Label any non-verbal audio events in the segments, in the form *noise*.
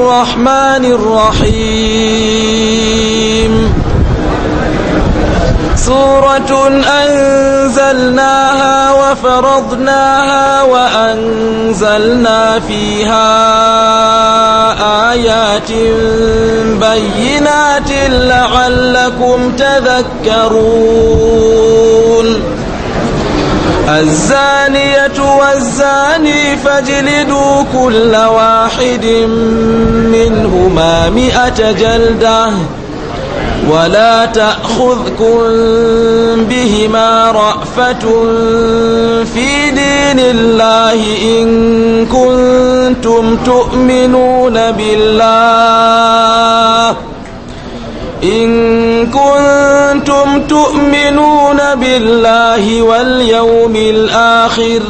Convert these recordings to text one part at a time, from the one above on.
الرحمن الرحيم سورة أنزلناها وفرضناها وأنزلنا فيها آيات بينات لعلكم تذكرون الزانية والزاني فاجلدوا كل واحد منهما مئة جلدة ولا تأخذكم بهما رأفة في دين الله إن كنتم تؤمنون بالله إن كنتم تؤمنون بالله واليوم الآخر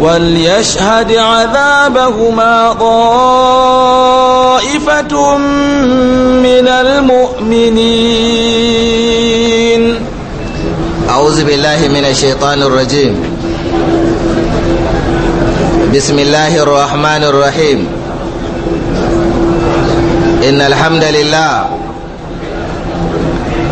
وليشهد عذابهما طائفة من المؤمنين أعوذ بالله من الشيطان الرجيم بسم الله الرحمن الرحيم إن الحمد لله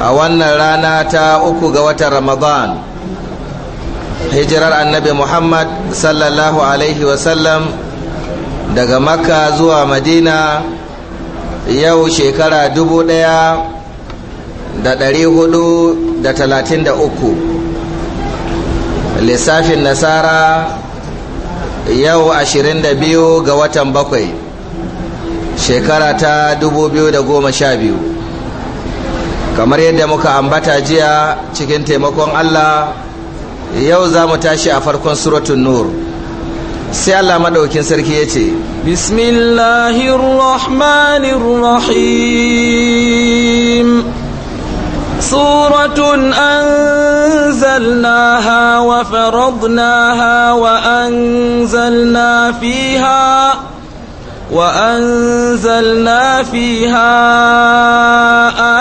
a wannan rana ta uku ga watan ramadan hijirar annabi muhammad sallallahu alaihi wasallam daga makka zuwa madina yau shekara dubu daya da dari hudu da talatin da uku lissafin nasara yau ashirin da biyu ga watan bakwai shekara ta dubu biyu da goma sha biyu kamar yadda muka ambata jiya cikin taimakon Allah yau za mu tashi a farkon suratun nur sai Allah maɗaukin sarki ya ce bismillahirrahmanirrahim suratun anzalnaha wa faradnaha wa anzalna fiha وأنزلنا فيها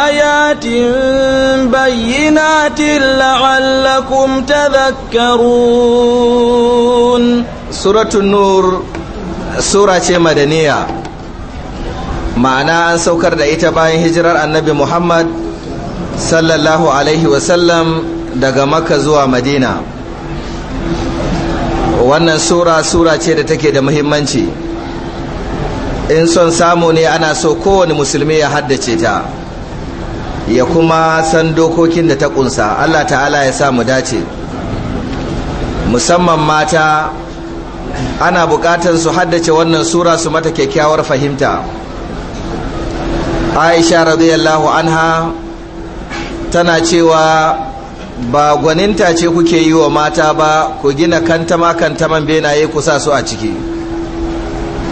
آيات بينات لعلكم تذكرون سورة النور سورة مدنية ma'ana an saukar da ita bayan hijirar annabi muhammad الله عليه وسلم daga makka zuwa madina wannan sura sura ce da take da muhimmanci in son samu ne ana so kowane musulmi ya haddace ta ya kuma san dokokin da ta kunsa allah ta'ala ya sa mu dace musamman mata ana bukatar su haddace wannan sura su mata kyakkyawar fahimta aisha radiyallahu anha tana cewa ba gwaninta ce kuke yi wa mata ba ku gina kantama kantaman benaye ku sa su a ciki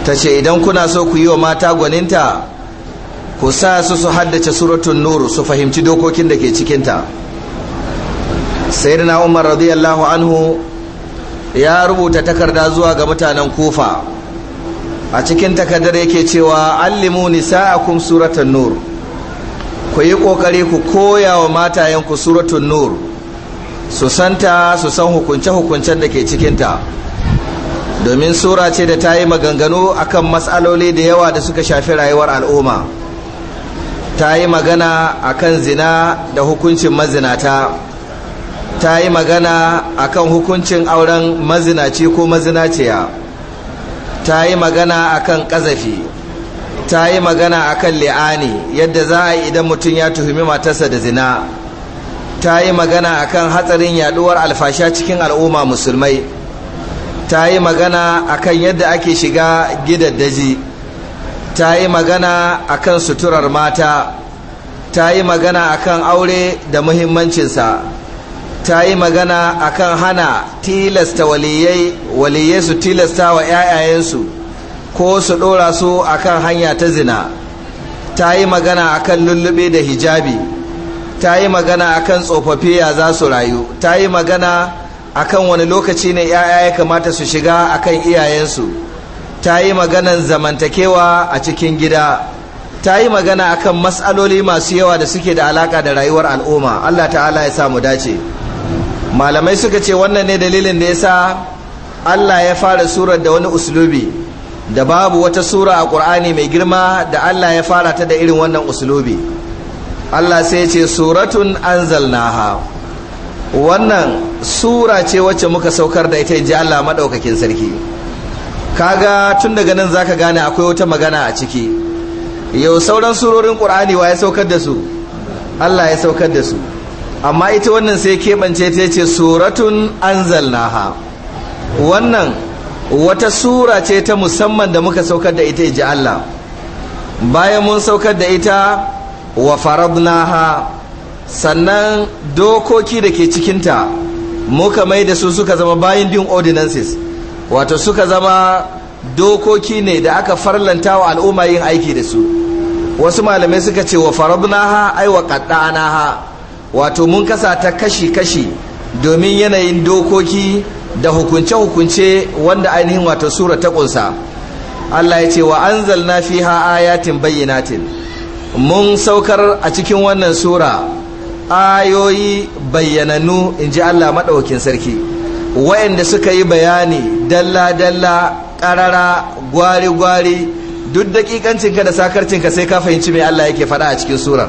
ta ce idan kuna so ku yi wa mata gwaninta ku sa su su haddace suratun nur su fahimci dokokin da ke cikinta sayyidina umar radiyallahu anhu ya rubuta takarda zuwa ga mutanen kufa a cikin takardar yake cewa allimu nisa'akum suratun nur ku yi kokari ku koya wa matayenku suratun nur su santa su san hukunce-hukuncen da ke cikinta domin sura ce da ta yi maganganu akan matsaloli da yawa da suka shafi rayuwar al'umma ta yi magana akan zina da hukuncin mazinata ta yi magana akan hukuncin auren mazinaci ko mazinaciya ta yi magana akan kazafi ta yi magana akan li'ani yadda za a yi idan mutum ya tuhumi matarsa da zina ta yi magana akan hatsarin yaduwar alfasha cikin al'umma musulmai ta yi magana akan yadda ake shiga gidaddaji ta yi magana akan suturar mata ta yi magana akan aure da muhimmancinsa ta yi magana akan hana tilasta waliyai waliyai su tilasta wa 'ya'yayensu ko su ɗora su akan hanya ta zina ta yi magana akan lullube da hijabi ta yi magana akan tsofaffi ya za su rayu ta yi magana akan wani lokaci ne ‘ya'ya ya kamata su shiga akan iyayensu ta yi maganan zamantakewa a cikin gida ta yi magana akan matsaloli masu yawa da suke da alaka da rayuwar al'umma Allah ta'ala ya samu dace malamai suka ce wannan ne dalilin da ya sa Allah ya fara surar da wani uslubi da babu wata sura a ƙur'ani mai girma da Allah ya fara ta da irin wannan uslubi Allah sai ya ce suratun anzalnaha wannan sura ce wacce muka saukar da ita ji Allah madaukakin sarki kaga tun daga nan zaka gane akwai wata magana a ciki yau sauran surorin Qur'ani wa ya saukar da su Allah ya saukar da su amma ita wannan sai keɓance ta ce suratun anzalnaha wannan wata sura ce ta musamman da muka saukar da ita ji Allah bayan mun saukar da ita wa faradnaha sannan dokoki da ke cikinta muka mai da su suka zama bayan din ordinances wato suka zama dokoki ne da aka farlanta wa al'umma yin aiki da su wasu malamai suka ce wa faradnaha ai wa qaddanaha wato mun kasa ta kashi kashi domin yanayin dokoki da hukunce hukunce wanda ainihin wato sura ta kunsa Allah ya ce wa anzalna fiha ayatin bayyinatin mun saukar a cikin wannan sura ayoyi bayyananu in ji Allah maɗaukin sarki wayanda suka yi bayani dalla-dalla ƙarara gwari-gwari duk daƙiƙancinka da sakarcinka sai ka fahimci mai Allah yake faɗa a cikin surar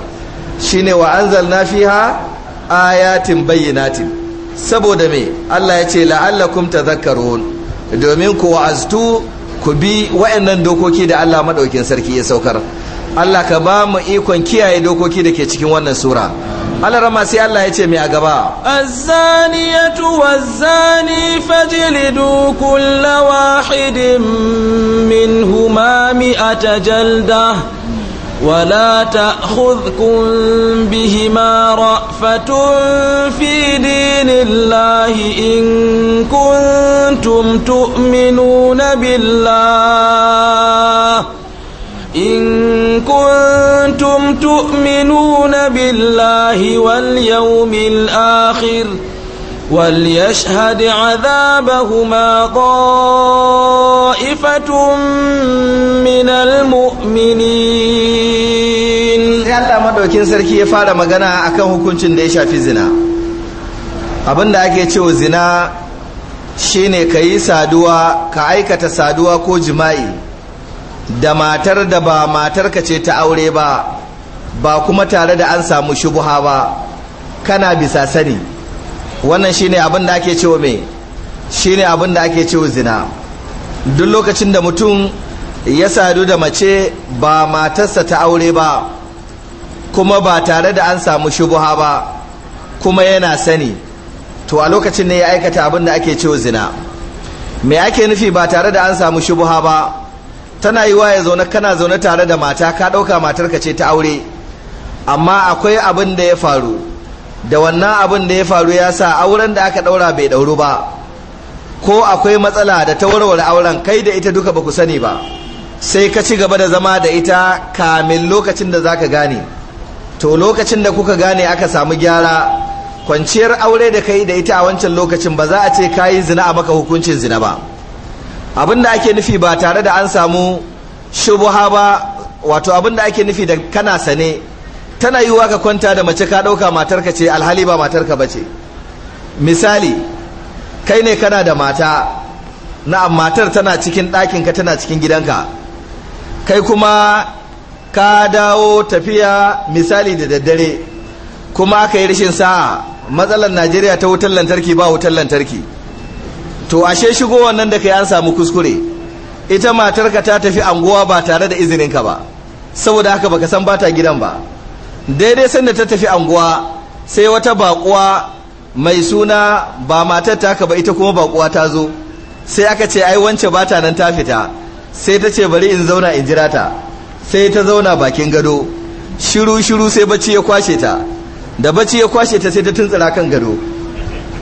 shine wa fi ha ayatin bayyanatin saboda me Allah ya ce la'allakum tadhakkarun domin ku wa'aztu ku bi wayannan dokoki da Allah maɗaukin sarki ya saukar Allah ka ba mu ikon kiyaye dokoki da ke cikin wannan sura alarar masu yi Allah ya ce mai a gaba azani ya tuwa zani fajili dukulla wahidin min humami a ta jalda wala ta hudkun bihi mara fatun fi dinin lahi in kuntum tu'minuna billah كنتم wal بالله واليوم الآخر وليشهد عذابهما طائفة من المؤمنين sai Allah madaukin sarki ya fara magana akan hukuncin da ya shafi zina abin da ake cewa zina shine ka yi saduwa ka aikata saduwa ko jima'i da matar da ba matarka ce ta aure ba ba kuma tare da an samu shubuha ba kana bisa sani wannan shine abin da ake cewa me shine abin da ake cewa zina duk lokacin da mutum ya sadu da mace ba matarsa ta aure ba kuma ba tare da an samu shubuha ba kuma yana sani to a lokacin ne ya aikata abin da ake cewa zina me ake nufi ba tare da an samu shubuha ba tana yi wa ya zaune kana zaune tare da mata ka ɗauka matarka ce ta aure amma akwai abin da ya faru da wannan abin da ya faru ya sa auren da aka ɗaura bai ɗauru ba ko akwai matsala da ta warware auren kai da ita duka ba ku sani ba sai ka ci gaba da zama da ita kamin lokacin da za ka gane to lokacin da kuka gane aka samu gyara kwanciyar aure da kai da ita a wancan lokacin ba za a ce ka yi zina a maka hukuncin zina ba da ake nufi ba tare da an samu shubuha ba wato abinda ake nufi da kana sane tana yiwuwa ka kwanta da mace ka ɗauka matarka ce alhali ba matarka ba ce misali kai ne kana da mata na matar tana cikin ɗakinka tana cikin gidanka kai kuma ka dawo tafiya misali da daddare kuma aka yi rashin sa'a matsalar najeriya ta wutar lantarki ba wutar lantarki to ashe shigo wannan da kai an samu kuskure ita matarka ta tafi anguwa ba tare da izinin ka ba saboda haka baka san bata gidan ba daidai sanda ta tafi anguwa sai wata bakuwa mai suna ba matar taka ba ita kuma bakuwa ta zo sai aka ce ai wance bata nan ta fita sai ta ce bari in zauna in jira ta sai ta zauna bakin gado shiru shiru sai bacci ya kwashe ta da bacci ya kwashe ta sai ta tuntsira kan gado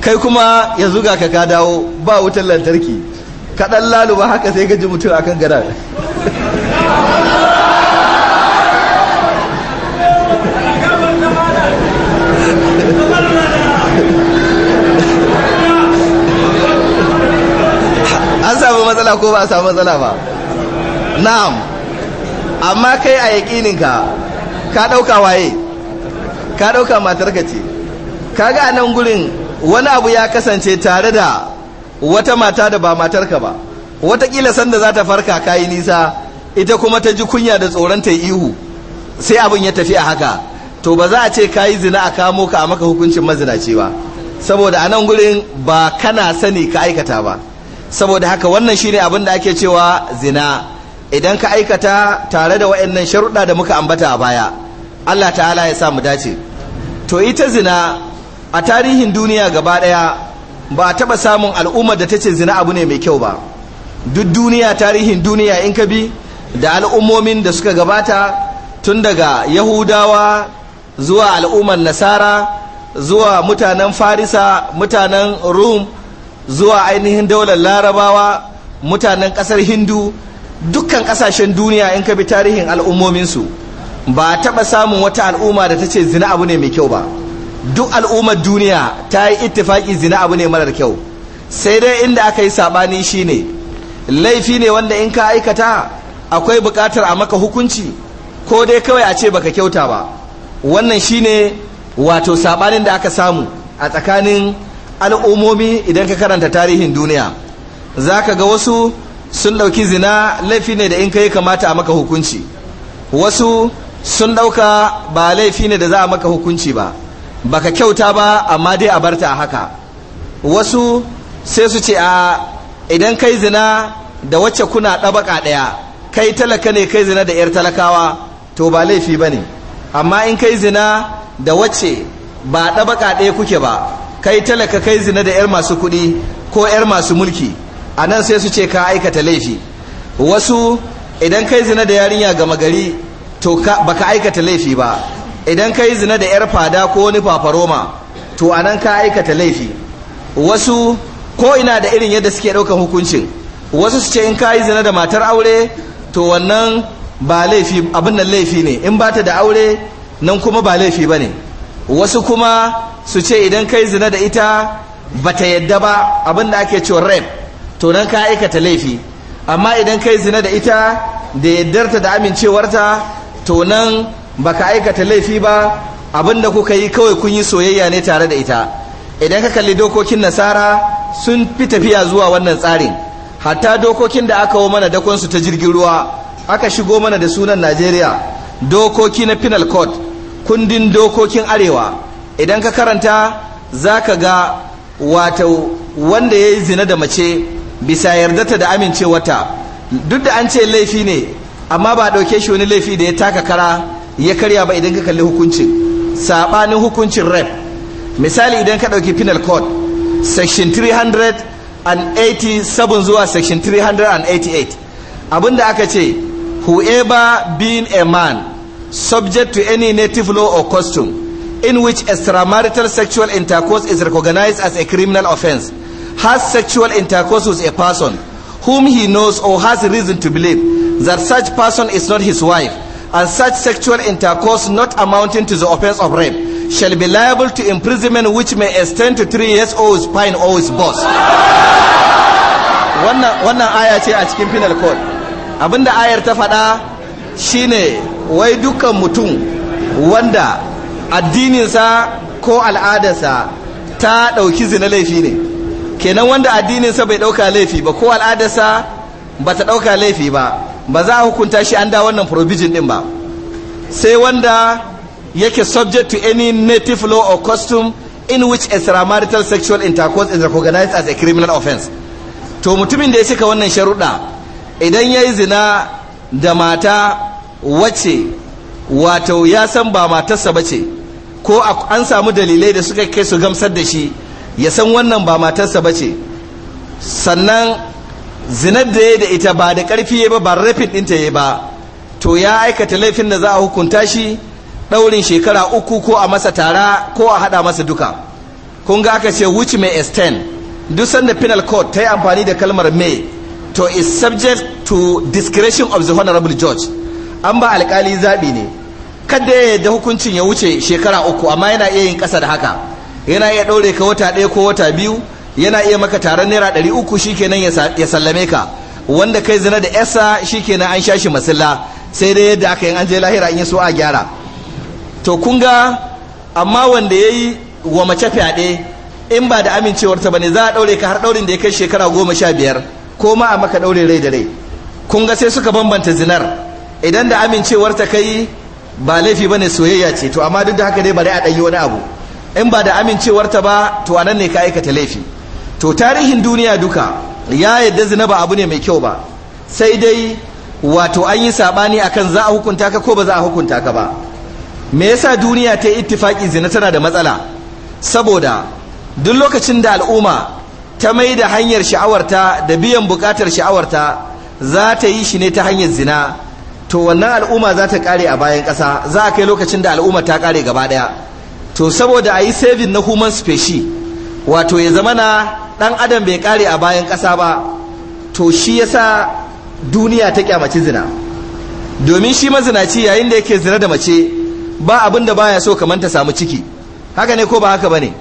kai kuma ya zuga ka ka dawo ba wutar lantarki kaɗan lalu laluba haka sai gaji mutum a kan gada an samu matsala ko ba a samu matsala ba na'am amma kai a yaƙininka ka ɗauka waye ka ɗauka matarka ce ga a nan gurin wani abu ya kasance tare da wata mata da ba matarka ba watakila sanda za ta farka kayi nisa ita kuma ta ji kunya da tsoron ta ihu sai abin ya tafi a haka to ba za a ce kayi zina a kamo ka a maka hukuncin mazinaci ba saboda a nan gurin ba kana sani ka aikata ba saboda haka wannan shine abin da ake cewa zina idan ka aikata tare da waɗannan sharuɗa da muka ambata a baya Allah ta'ala ya sa mu dace to ita zina a tarihin duniya gaba ɗaya ba a taɓa samun al'ummar da ta ce zina abu ne mai kyau ba duk duniya tarihin duniya in ka bi da al'ummomin da suka gabata tun daga yahudawa zuwa al'ummar nasara zuwa mutanen farisa mutanen rum zuwa ainihin daular larabawa mutanen ƙasar hindu dukkan ƙasashen duniya in ka bi tarihin al'ummominsu ba a taɓa samun wata al'umma da ta ce zina abu ne mai kyau ba duk al'ummar duniya ta yi ittifaki zina abu ne marar kyau sai dai inda aka yi sabani ne laifi ne wanda in ka aikata akwai bukatar a maka hukunci ko dai kawai a ce baka kyauta ba wannan shi ne wato sabanin da aka samu a tsakanin al'ummomi idan ka karanta tarihin duniya za ka ga wasu sun ɗauki zina laifi ne da in ka yi kamata a maka hukunci wasu sun ɗauka ba laifi ne da za a maka hukunci ba baka kyauta ba amma dai a barta a haka wasu sai su ce a idan kai zina da wacce kuna ɗabaka ɗaya kai talaka ne kai zina da 'yar talakawa to ba laifi ba ne amma in kai zina da wacce ba ɗabaka ɗaya kuke ba kai talaka kai zina da 'yar masu kuɗi ko 'yar masu mulki a nan sai su ce ka aikata laifi wasu idan kai zina da yarinya gama gari to baka aikata laifi ba idan ka yi zina da 'yar fada ko wani fafaroma to a nan ka aikata laifi wasu ko ina da irin yadda suke ɗaukan hukuncin wasu su ce in ka yi zina da matar aure to wannan ba laifi abin nan laifi ne in ba ta da aure nan kuma ba laifi ba ne wasu kuma su ce idan ka yi zina da ita ba ta yadda ba abin da ake cewa rape to nan ka aikata laifi amma idan ka yi zina da ita da yaddarta da amincewarta to nan ba ka aikata laifi ba abinda kuka yi kawai kun yi soyayya ne tare da ita idan ka kalli dokokin nasara sun fi tafiya zuwa wannan tsarin hatta dokokin da aka wo mana dakonsu ta jirgin ruwa aka shigo mana da sunan najeriya dokoki na penal court kundin dokokin arewa idan ka karanta za ka ga wato wanda ya yi zina da mace bisa yarda ta da amincewarta duk da an ce laifi ne amma ba a ɗauke shi wani laifi da ya taka kara ya karya ba idan ka kalli hukuncin sabanin hukuncin rep misali idan ka ɗauki penal code section 387 zuwa section 388 abinda aka ce whoever being a man subject to any native law or custom in which extramarital sexual intercourse is recognized as a criminal offense has sexual intercourse with a person whom he knows or has reason to believe that such person is not his wife and such sexual intercourse not amounting to the offense of rape shall be liable to imprisonment which may extend to three years or is fine or is boss wannan aya ce a cikin penal code abinda ayar ta faɗa shine wai dukkan mutum wanda addininsa ko al'adarsa ta ɗauki zina laifi ne kenan wanda addininsa bai ɗauka laifi ba ko al'adarsa ba ta ɗauka laifi ba ba za a hukunta shi an da wannan provision din ba sai wanda yake subject to any native law or custom in which extramarital sexual intercourse is recognized as a criminal offense to mutumin da ya cika wannan sharuɗa idan ya yi zina da mata wace wato ya san ba matarsa ba ce ko an samu dalilai da suka kai su gamsar da shi ya san wannan ba matarsa ba ce sannan zinar da ya da ita ba da ƙarfi ya ba ba rafin ɗinta ya ba to ya aikata laifin da za a hukunta shi ɗaurin shekara uku ko a masa tara ko a haɗa masa duka kun ga aka ce which may extend duk sanda penal court ta yi amfani da kalmar may to is subject to discretion of the honorable judge an ba alkali zaɓi ne kada ya da hukuncin ya wuce shekara uku amma yana iya yin ƙasa da haka yana iya ɗaure ka wata ɗaya ko wata biyu yana iya maka taron naira ɗari uku shikenan ya sallame ka wanda kai zina da yasa shikenan an shashi masilla sai dai yadda aka yi an je lahira in yi so a gyara to kun ga amma wanda ya yi wa mace fyaɗe in ba da amincewarta ba ne za a ɗaure ka har ɗaurin da ya kai shekara goma sha biyar ko ma a maka ɗaure rai da rai kun ga sai suka bambanta zinar idan da amincewar ta kai ba laifi ba ne soyayya ce to amma duk da haka dai bari a ɗanyi wani abu in ba da amincewar ta ba to a nan ne ka aikata laifi to tarihin duniya duka ya yadda zina ba abu ne mai kyau ba sai dai wato an yi sabani akan za a hukunta ka ko ba za a hukunta ka ba me yasa duniya ta yi ittifaki zina tana da matsala saboda duk lokacin da al'umma ta mai da hanyar sha'awarta da biyan bukatar sha'awarta za ta yi shi ne ta hanyar zina to wannan al'umma za ta kare a bayan ƙasa za a kai lokacin da al'umma ta kare gaba ɗaya to saboda a yi saving na human species wato ya zama na ɗan adam bai ƙare a bayan ƙasa ba to shi yasa duniya ta kyamaci zina domin shi mazinaci yayin da yake zina da mace ba abin da baya so kamar ta samu ciki haka ne ko ba haka bane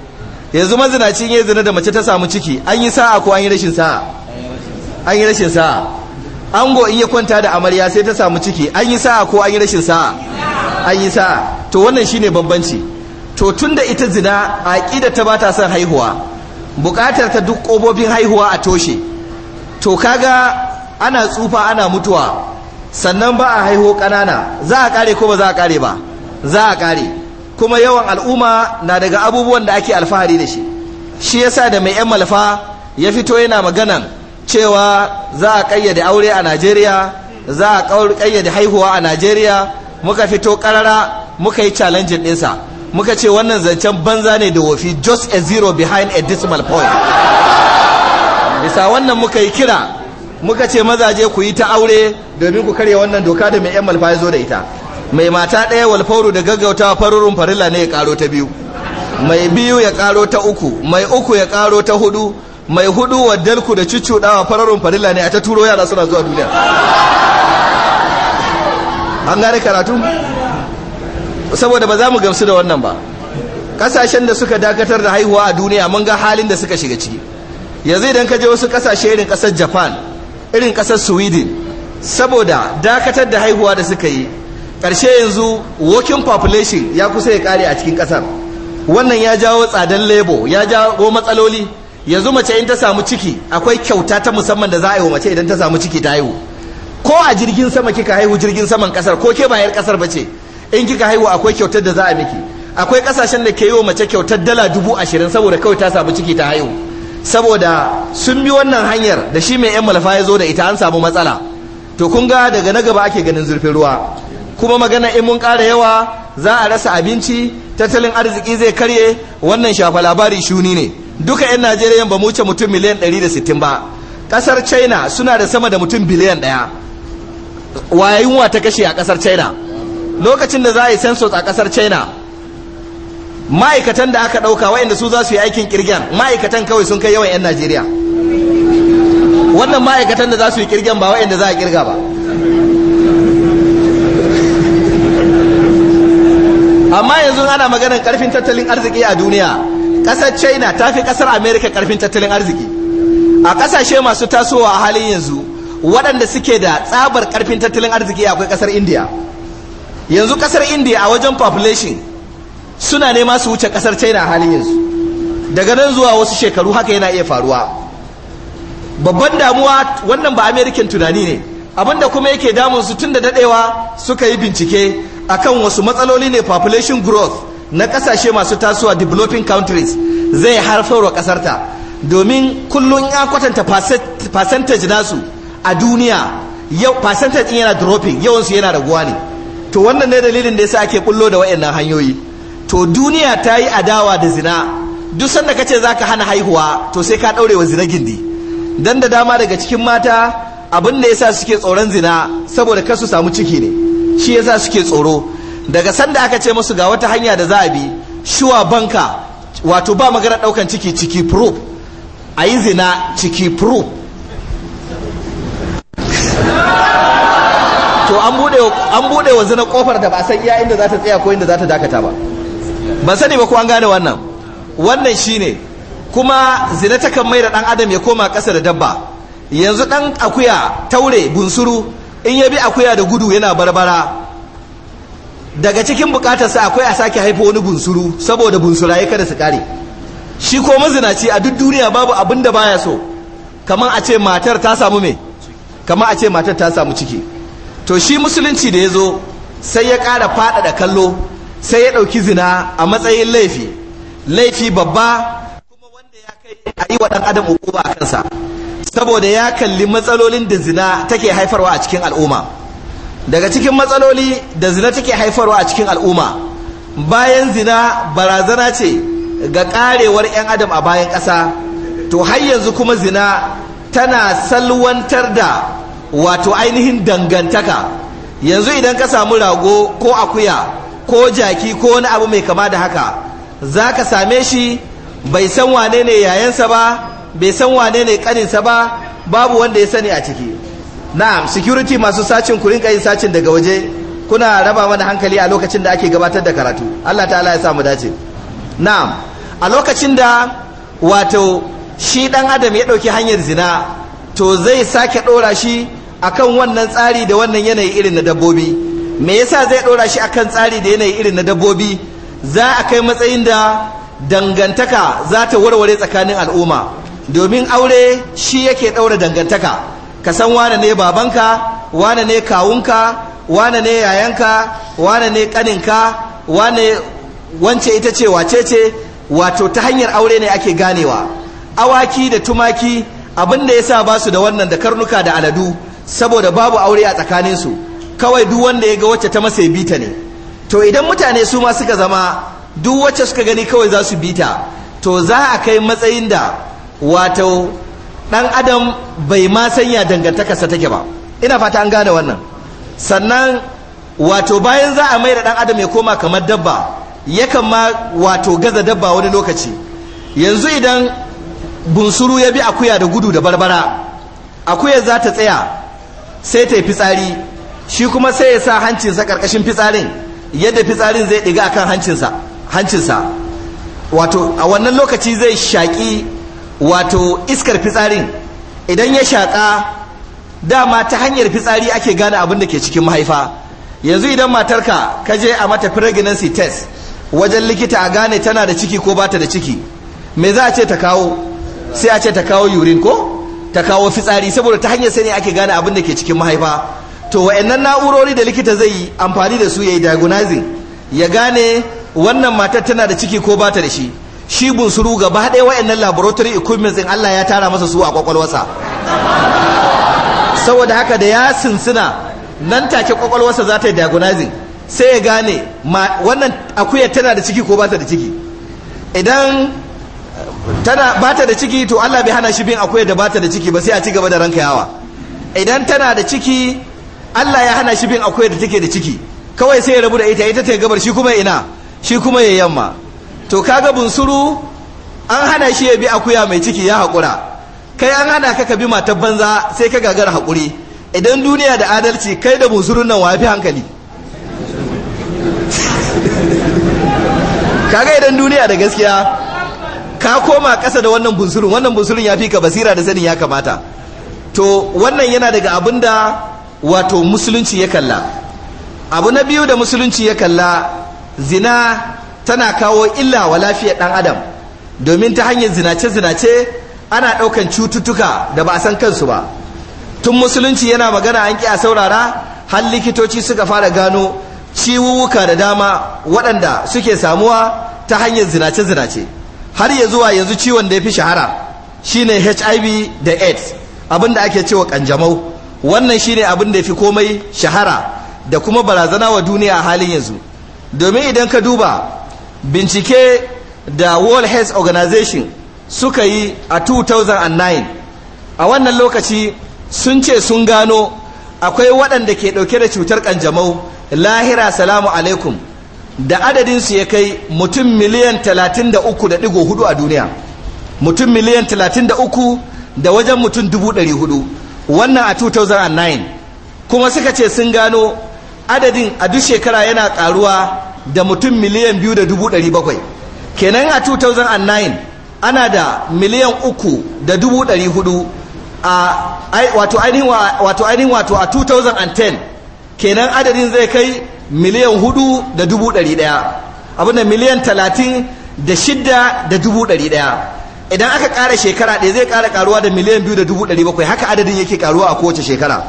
yanzu mazinaci ya zina da mace ta samu ciki an yi sa'a ko an yi rashin sa'a an yi rashin sa'a ango in ya kwanta da amarya sai ta samu ciki an yi sa'a ko an yi rashin sa'a an yi sa'a to wannan shine bambanci to tun da ita zina ƙida ta ba ta son haihuwa buƙatar ta duk ƙobobin haihuwa a toshe to kaga ana tsufa ana mutuwa sannan ba a haihu kanana za a kare ko ba za a ƙare ba za a kare kuma yawan al'umma na daga abubuwan da ake alfahari da shi shi yasa da mai yan malfa ya fito yana maganan cewa za a ƙayyade aure a Najeriya za a ƙayyade haihuwa a Najeriya muka fito ƙarara muka yi challenge ɗinsa muka ce wannan zancen banza ne da wofi just a zero behind a decimal point bisa wannan muka yi kira muka ce mazaje ku yi ta aure domin ku karya wannan doka da mai yan malfa zo da ita mai mata ɗaya walfauru da gaggautawa farurun farilla ne ya karo ta biyu mai biyu ya karo ta uku mai uku ya karo ta hudu mai hudu wa dalku da cuccuɗawa fararun farilla ne a ta turo yara suna zuwa duniya an gane karatu saboda ba za mu gamsu da wannan ba kasashen da suka dakatar da haihuwa a duniya mun ga halin da suka shiga ciki yanzu idan ka je wasu kasashe irin kasar japan irin kasar sweden saboda dakatar da haihuwa da suka yi ƙarshe yanzu working population ya kusa ya kare a cikin kasar wannan ya jawo tsadan lebo ya jawo matsaloli yanzu mace in ta samu ciki akwai kyauta ta musamman da za a yi wa mace idan ta samu ciki ta haihu ko a jirgin sama kika haihu jirgin saman kasar ko ke ba yar kasar ce. in kika haihu akwai kyautar da za a miki akwai kasashen da ke yi wa mace kyautar dala dubu ashirin saboda kawai ta samu ciki ta haihu saboda sun bi wannan hanyar da shi mai yan malafa ya zo da ita an samu matsala to kun ga daga na gaba ake ganin zurfin ruwa kuma magana in mun ƙara yawa za a rasa abinci tattalin arziki zai karye wannan shafa labari shuni ne duka 'yan najeriya ba mu mutum miliyan sittin ba kasar china suna da sama da mutum biliyan ɗaya yunwa ta kashe a kasar china lokacin da za a yi census a kasar china ma'aikatan da aka ɗauka waɗanda su za su yi aikin kirgen ma'aikatan kawai sun kai yawan 'yan najeriya wannan ma'aikatan da za su yi kirgen ba waɗanda za a kirga ba amma yanzu ana maganar karfin tattalin arziki a duniya ƙasar china ta fi ƙasar america karfin tattalin arziki a ƙasashe masu tasowa a halin yanzu waɗanda suke da tsabar ƙarfin tattalin arziki akwai ƙasar india yanzu kasar india a wajen population suna nema su wuce kasar china halin yanzu daga nan zuwa wasu shekaru haka yana iya faruwa babban damuwa wannan ba american tunani ne abinda kuma yake damun su tun da dadewa suka yi bincike akan wasu matsaloli ne population growth na kasashe masu tasowa developing countries zai haifar wa kasarta domin kullum ya kwatanta percentage nasu a duniya yau percentage yana dropping yawansu yana raguwa ne to wannan ne dalilin da yasa ake bullo da wayannan hanyoyi to duniya ta yi adawa da zina duk sanda ka ce zaka hana haihuwa to sai ka daure wa zina gindi dan da dama daga cikin mata abin da yasa suke tsoron zina saboda kar su samu ciki ne shi yasa suke tsoro daga sanda aka ce musu ga wata hanya da za a bi shuwa banka wato ba magana daukan ciki ciki proof a yi zina ciki proof to an bude an bude wa zina kofar da ba san iya inda za ta tsaya ko inda za ta dakata ba ban sani ba ko an gane wannan wannan shine kuma zina ta kan mai da dan adam ya koma kasa da dabba yanzu dan akuya taure bunsuru in ya bi akuya da gudu yana barbara daga cikin sa akwai a sake haifa wani bunsuru saboda bunsuraye kada su kare shi ko mazinaci a duk duniya babu abin da baya so kamar a ce matar ta samu me kamar a ce matar ta samu ciki to shi musulunci da ya zo sai ya ƙara faɗaɗa kallo sai ya ɗauki zina a matsayin laifi laifi babba kuma wanda ya kai a yi wa ɗan adam hukuma a kansa saboda ya kalli matsalolin da zina take haifarwa a cikin al'umma daga cikin matsaloli da zina take haifarwa a cikin al'umma bayan zina barazana ce ga karewar 'yan adam a bayan ƙasa to har yanzu kuma zina tana salwantar da wato ainihin dangantaka yanzu idan ka samu rago ko akuya ko jaki ko wani abu mai kama da haka za ka same shi bai san wane ne yayansa ba bai san wane ne kaninsa ba babu wanda ya sani a ciki na'am security masu sacin ku rinka yin sacin daga waje kuna raba mana hankali a lokacin da ake gabatar da karatu Allah ta'ala ya samu dace na'am a lokacin da wato shi dan adam ya dauki hanyar zina to zai sake dora shi akan wannan tsari da wannan yanayi irin na dabbobi me yasa zai ɗora shi akan tsari da yanayi irin na dabbobi za a kai matsayin da dangantaka za ta warware tsakanin al'umma domin aure shi yake ɗaura dangantaka ka san wane ne babanka wane ne kawunka wane ne yayanka wane ne kaninka wane wance ita ce wace ce wato ta hanyar aure ne ake ganewa awaki da tumaki abin da ya ba su da wannan da karnuka da aladu saboda babu aure a tsakaninsu kawai duk wanda ya ga wacce ta masa ya bita ne to idan mutane su ma suka zama duk wacce suka gani kawai za su bita to za a kai matsayin da wato dan adam bai ma sanya dangantakarsa take ba ina fata an gane wannan sannan wato bayan za a maida dan adam ya koma kamar dabba yakan ma wato gaza dabba wani lokaci yanzu idan bunsuru ya bi akuya da gudu da barbara akuyar za ta tsaya sai ta yi fitsari shi kuma sai ya sa hancinsa karkashin fitsarin yadda fitsarin zai ɗiga akan hancinsa hancinsa wato a wannan lokaci zai shaƙi wato iskar fitsarin idan ya shaƙa dama ta hanyar fitsari ake gane abin da ke cikin mahaifa yanzu idan matarka ka je a mata pregnancy test wajen likita a gane tana da ciki ko ba ta da ciki me za a ce ta kawo sai a ce ta kawo urine ko ta kawo fitsari saboda ta hanyar sani ake gane abin da ke cikin mahaifa to wa'annan na'urori da likita zai yi amfani da su ya yi diagnosing ya gane wannan matar tana da ciki ko ba ta da shi shi bunsuru gaba ɗaya wa'annan laboratory equipment in Allah ya tara masa su a kwakwalwarsa saboda haka da ya sinsina nan take kwakwalwarsa za ta yi diagnosing sai ya gane wannan akuyar tana da ciki ko ba ta da ciki idan tana bata da ciki to Allah bai hana shi bin akwai da bata da ciki ba sai a ci gaba da ranka yawa idan tana da ciki Allah ya hana shi bin akwai da take da ciki kawai sai ya rabu da ita ita ta gabar shi kuma ina shi kuma ya yamma to kaga bunsuru an hana shi ya bi akuya mai ciki ya haƙura kai an hana ka ka bi matar banza sai ka gagara haƙuri idan duniya da adalci kai da bunsurun nan wafi hankali kaga idan duniya da gaskiya ka koma ƙasa da wannan bunsurun wannan bunsurun ya fi ka basira da sanin ya kamata to wannan yana daga abin da wato musulunci ya kalla abu na biyu da musulunci ya kalla zina tana kawo illa wa lafiyar ɗan adam domin ta hanyar zinace-zinace ana ɗaukan cututtuka da ba a san kansu ba tun musulunci yana magana an ƙi a saurara har likitoci suka fara gano ciwuwuka da dama waɗanda suke samuwa ta hanyar zinace-zinace har ya zuwa yanzu ciwon da ya fi shahara shine hiv da aids abin da ake cewa kanjamau wannan shine abin da ya fi komai shahara da kuma barazana wa duniya a halin yanzu domin idan ka duba bincike da world health organization suka yi a 2009 a wannan lokaci sun ce sun gano akwai waɗanda ke ɗauke da cutar kanjamau lahira salamu alaikum da adadinsu ya kai mutum miliyan 33.4 a duniya mutum miliyan 33 da wajen mutum 400 wannan a 2009 kuma suka ce sun gano adadin a duk shekara yana karuwa da mutum miliyan 2.700 kenan a 2009 ana da miliyan 3.400 a wato ainihin wato a 2010 kenan adadin zai kai miliyan hudu da dubu ɗari ɗaya abinda miliyan talatin da shidda da dubu ɗari ɗaya idan aka ƙara shekara ɗaya zai ƙara ƙaruwa da miliyan biyu da dubu ɗari bakwai haka adadin yake ƙaruwa a kowace shekara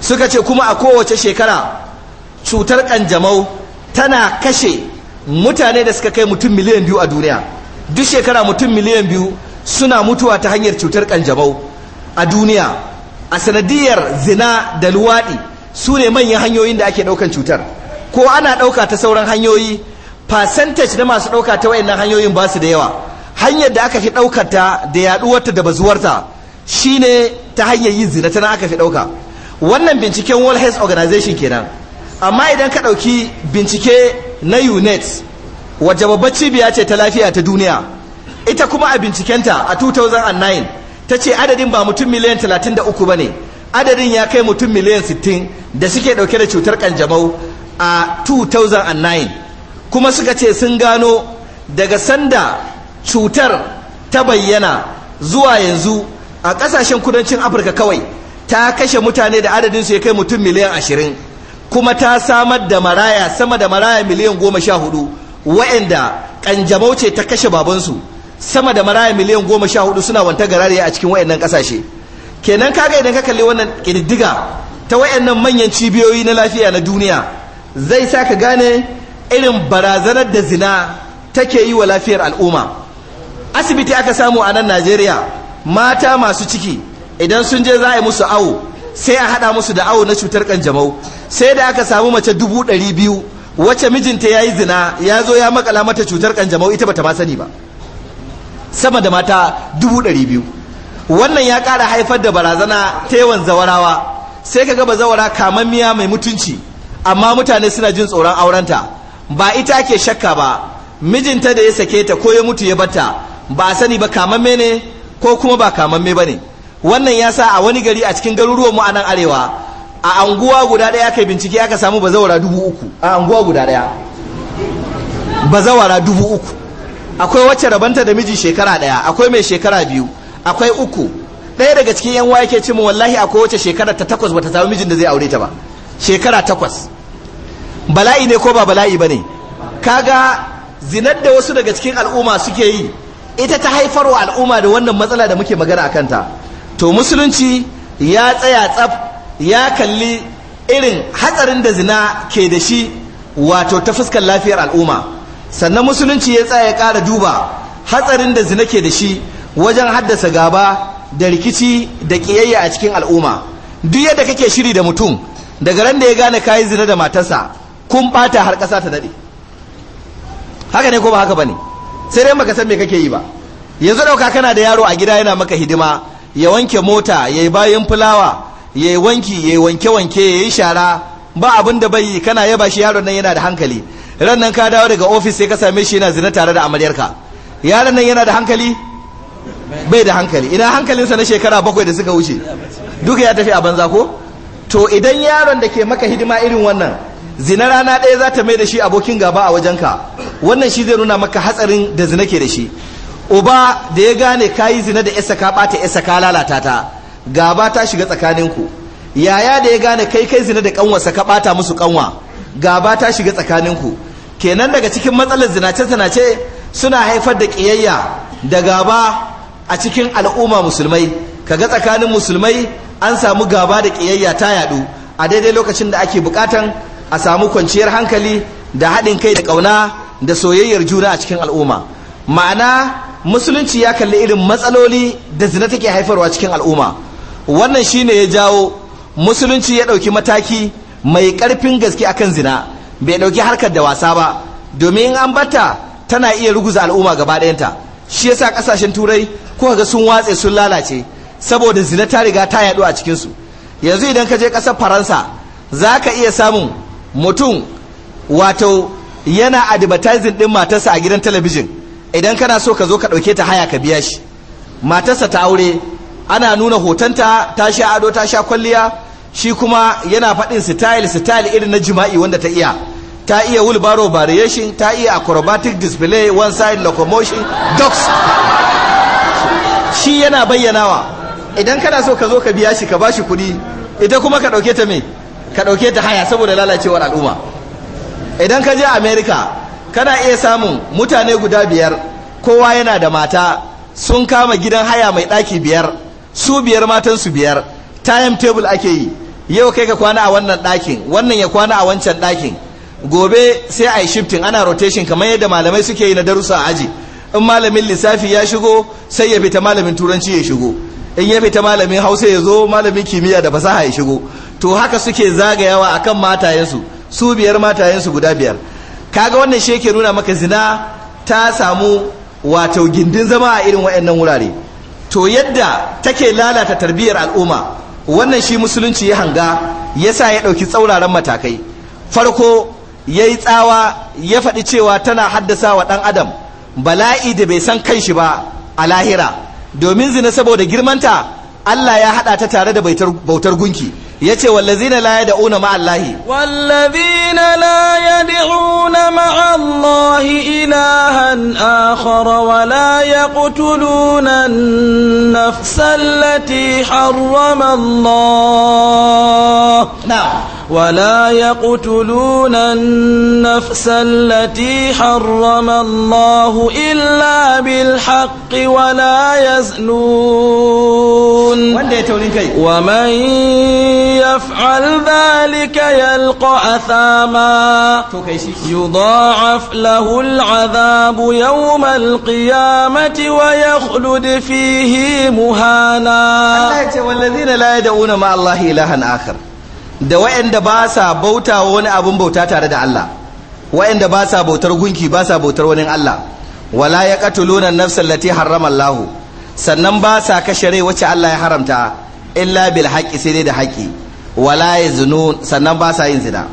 suka ce kuma a kowace shekara cutar ƙanjamau tana kashe mutane da suka kai mutum miliyan biyu a duniya duk shekara mutum miliyan biyu suna mutuwa ta hanyar cutar ƙanjamau a duniya a sanadiyar zina da luwaɗi su ne manyan hanyoyin da ake ɗaukan cutar ko ana ɗauka ta sauran hanyoyi percentage na masu ɗauka ta wayannan hanyoyin ba su da yawa hanyar da aka fi ɗaukar ta da yaɗuwarta da bazuwarta shine ta hanyar yin zina tana aka fi ɗauka wannan binciken world health organization kenan amma idan ka ɗauki bincike na unet wajen babbar cibiya ce ta lafiya ta duniya ita kuma a bincikenta a 2009 ta ce adadin ba mutum miliyan 33 ba ne adadin ya kai mutum miliyan 60 da suke ɗauke da cutar kanjamau a 2009 kuma suka ce sun gano daga sanda cutar ta bayyana zuwa yanzu a kasashen kudancin afirka kawai ta kashe mutane da adadin su ya kai mutum miliyan ashirin kuma ta samar da maraya sama da maraya miliyan goma sha hudu wa'anda kanjamau ce ta kashe babansu sama da maraya miliyan goma sha hudu suna wanta garariya a cikin wa'annan kasashe kenan kaga idan ka kalli wannan ƙididdiga ta wa'annan manyan cibiyoyi na lafiya na duniya zai sa ka gane irin barazanar da zina take yi wa lafiyar al'umma asibiti aka samu a nan najeriya mata masu ciki idan sun je za a yi musu awo sai a haɗa musu da awo na cutar kanjamau sai da aka samu mace dubu ɗari biyu wacce mijinta ya yi zina ya zo ya makala mata cutar kanjamau ita bata ma sani ba sama da mata dubu ɗari biyu wannan ya ƙara haifar da barazana ta yawan zawarawa sai ka gaba zawara kamammiya mai mutunci amma mutane suna jin tsoron aurenta ba ita ke shakka ba mijinta da ya sake ta ko ya mutu ya bata ba sani ba kamamme ne ko kuma ba kamamme ba ne wannan ya sa a wani gari a cikin garuruwanmu a nan arewa a anguwa guda ɗaya aka bincike aka samu bazawara dubu uku a anguwa guda ɗaya bazawara dubu uku akwai wacce rabanta da miji shekara ɗaya akwai mai shekara biyu akwai uku ɗaya daga cikin yan waya ke ce mu wallahi akwai wacce shekara ta takwas bata samu mijin da zai aure ta ba shekara takwas bala'i ne ko ba bala'i ba ne kaga zinar da wasu daga cikin al'umma suke yi ita ta haifar wa al'umma da wannan matsala da muke magana a kanta to musulunci ya tsaya tsaf ya kalli irin hatsarin da zina ke da shi wato ta fuskar lafiyar al'umma sannan musulunci ya tsaya ya ƙara duba hatsarin da zina ke da shi wajen haddasa gaba da rikici da ƙiyayya a cikin al'umma duk yadda kake shiri da mutum daga ran da ya gane kayi zina da matarsa kun bata har kasa ta dade haka ne ko ba haka ba sai dai maka san me kake yi ba yanzu ɗauka kana da yaro a gida yana maka hidima ya wanke mota ya yi bayan fulawa ya yi wanki ya yi wanke-wanke ya yi shara ba abin da bai yi kana yaba shi yaron nan yana da hankali ran nan ka dawo daga ofis sai ka same shi yana zina tare da amaryarka yaron nan yana da hankali bai da hankali ina hankalinsa na shekara bakwai da suka wuce duka ya tafi a banza ko to idan yaron da ke maka hidima irin wannan zina rana ɗaya za ta mai da shi abokin gaba a wajenka wannan shi zai nuna maka hatsarin da zina ke da shi uba da ya gane ka yi zina da yasa ka ɓata isa ka lalata ta gaba ta shiga tsakaninku yaya da ya gane kai kai zina da ƙanwarsa ka ɓata musu ƙanwa gaba ta shiga tsakaninku kenan daga cikin matsalar zinace zinace suna haifar da ƙiyayya da gaba a cikin al'umma musulmai kaga tsakanin musulmai an samu gaba da ƙiyayya ta yaɗu a daidai lokacin da ake buƙatan a samu kwanciyar hankali da haɗin kai da ƙauna da soyayyar juna a cikin al'umma ma'ana musulunci ya kalli irin matsaloli da zina take haifarwa cikin al'umma wannan shine ya jawo musulunci ya ɗauki mataki mai ƙarfin gaske akan zina bai ɗauki harkar da wasa ba domin an bata tana iya ruguza al'umma gaba ɗayanta shi yasa ƙasashen turai ko ga sun watse sun lalace saboda zina ta riga ta yaɗu a cikinsu yanzu idan ka je ƙasar faransa za ka iya samun mutum wato yana advertising din matarsa a gidan talabijin idan kana so ka zo ka ɗauke ta haya ka biya shi matarsa ta aure ana nuna hotonta ta sha ado ta sha kwalliya shi kuma yana faɗin style style irin na jima'i wanda ta iya ta iya wheelbarrow variation ta iya acrobatic display one side locomotion ducks shi yana bayyanawa idan kana so ka zo ka biya shi ka bashi kuɗi ita kuma ka ɗauke ta me ka ɗauke ta haya saboda lalacewar al'umma idan ka je america kana iya samun mutane guda biyar kowa yana da mata sun kama gidan haya mai ɗaki biyar su biyar matansu biyar time table ake yi yau kai ka kwana a wannan ɗakin wannan ya kwana a wancan ɗakin gobe sai a yi shifting ana rotation kamar yadda malamai suke yi na darussa a aji in malamin lissafi ya shigo sai ya fita malamin turanci ya shigo in ya fita malamin hausa ya zo malamin kimiyya da fasaha ya shigo to haka suke zagayawa akan matayensu su biyar matayensu guda biyar kaga wannan shi yake nuna maka zina ta samu wato gindin zama a irin waɗannan wurare to yadda take lalata tarbiyyar al'umma wannan shi musulunci ya hanga yasa ya ɗauki tsauraran matakai farko yayi tsawa ya faɗi cewa tana haddasa wa ɗan adam bala'i da bai san kanshi ba a lahira domin zina saboda girmanta Allah ya haɗa ta tare da bautar gunki yace wallazina la yad'una ma'a Allahi wallazina la yad'una ma'a Allahi ilahan akhar wa la yaqtuluna an-nafsa allati ولا يقتلون النفس التي حرم الله إلا بالحق ولا يزنون ومن يفعل ذلك يلقى أثاما يضاعف له العذاب يوم القيامة ويخلد فيه مهانا والذين لا يدعون مع الله إلها آخر da wa'anda ba sa bauta wani abin bauta tare da Allah wa'anda ba sa bautar gunki ba sa bautar wani Allah wala ya katuluna nafsa lati harrama Allah sannan ba sa kashe rai wacce Allah ya haramta illa bil haqqi sai dai da haƙi wala yaznun sannan ba sa yin zina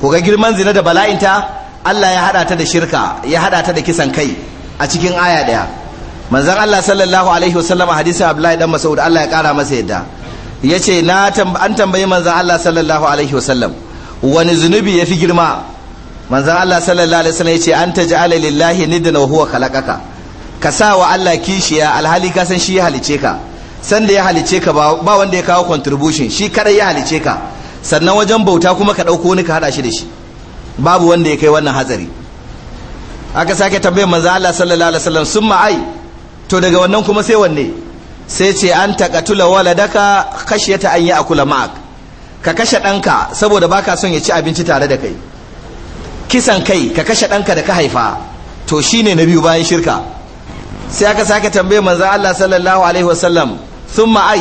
ko ga girman zina da bala'inta Allah ya hada ta da shirka ya hada ta da kisan kai a cikin aya ɗaya manzon Allah sallallahu alaihi wasallam hadisin Abdullahi dan Mas'ud Allah ya kara masa yadda ya ce an tambayi manzan Allah sallallahu alaihi wasallam wani zunubi ya fi girma manzan Allah sallallahu alaihi wasallam ya ce an ta ala lillahi nidda wa huwa kalakaka ka sa wa Allah kishiya alhali kasan san shi ya halice ka sanda ya halice ka ba wanda ya kawo contribution shi kadai ya halice ka sannan wajen bauta kuma ka ɗauko wani ka haɗa shi da shi babu wanda ya kai wannan hatsari aka sake tambayar manzan Allah sallallahu alaihi wasallam sun ma'ai to daga wannan kuma sai wanne sai ce an taqatula waladaka khashyata an kula ma'ak ka kashe ɗanka saboda baka son ya ci abinci tare da kai kisan kai ka kashe ɗanka da ka haifa to shine na biyu bayan shirka sai aka sake tambaye manzan Allah sallallahu alaihi wasallam sun ma'ai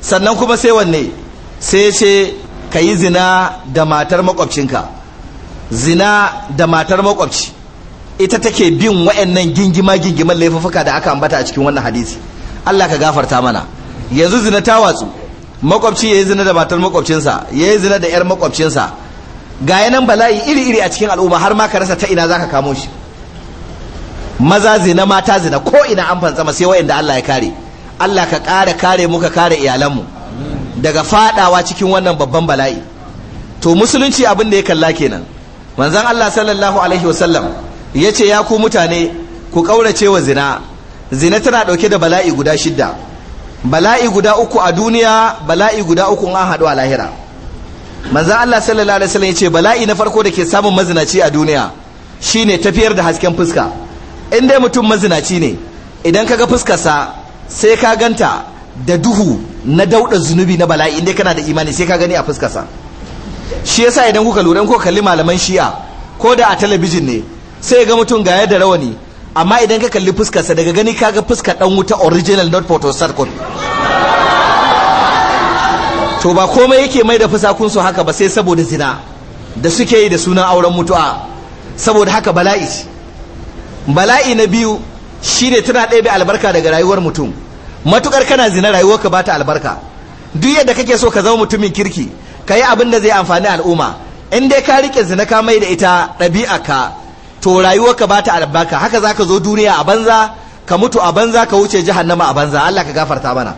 sannan kuma sai wanne sai ce ka yi zina da matar makwabcinka zina da matar makwabci ita take bin waɗannan gingima gingiman laifuka da aka ambata a cikin wannan hadisi Allah ka gafarta mana yanzu zina ta watsu makwabci ya yi zina da matar makwabcinsa ya zina da 'yar makwabcinsa ga yanan bala'i iri-iri a cikin al'umma har ma ka rasa ta ina za ka kamo shi maza zina mata zina ko ina an fantsama sai wanda Allah ya kare Allah ka kare kare muka kare iyalanmu daga fadawa cikin wannan babban bala'i to musulunci abin da ya kalla kenan manzon Allah sallallahu alaihi wasallam ya ce ya ku mutane ku kaurace wa zina zina tana ɗauke da bala'i guda shidda bala'i guda uku a duniya bala'i guda uku an haɗu a lahira manzan Allah sallallahu alaihi wasallam yace bala'i na farko da ke samun mazinaci a duniya shine tafiyar da hasken fuska in dai mutum mazinaci ne idan kaga fuskarsa sai ka ganta da duhu na dauɗa zunubi na bala'i inda kana da imani sai ka gani a fuskarsa shi yasa idan kuka lura ko kalli malaman shi'a ko da a talabijin ne sai ga mutum ga yadda rawani amma idan ka kalli fuskarsa daga gani kaga fuskar dan wuta original not photo circle to ba komai yake mai da fusakunsu haka ba sai saboda zina da suke yi da sunan auren mutuwa saboda haka bala'i bala'i na biyu shine tana ɗebe albarka daga rayuwar mutum matukar kana zina rayuwarka ba ta albarka duk yadda kake so ka zama mutumin kirki ka yi abin da zai amfani al'umma in dai ka rike zina ka mai da ita ɗabi'a ka to rayuwarka ba ta albarka haka za ka zo duniya a banza ka mutu a banza ka wuce jahannama a banza Allah ka gafarta mana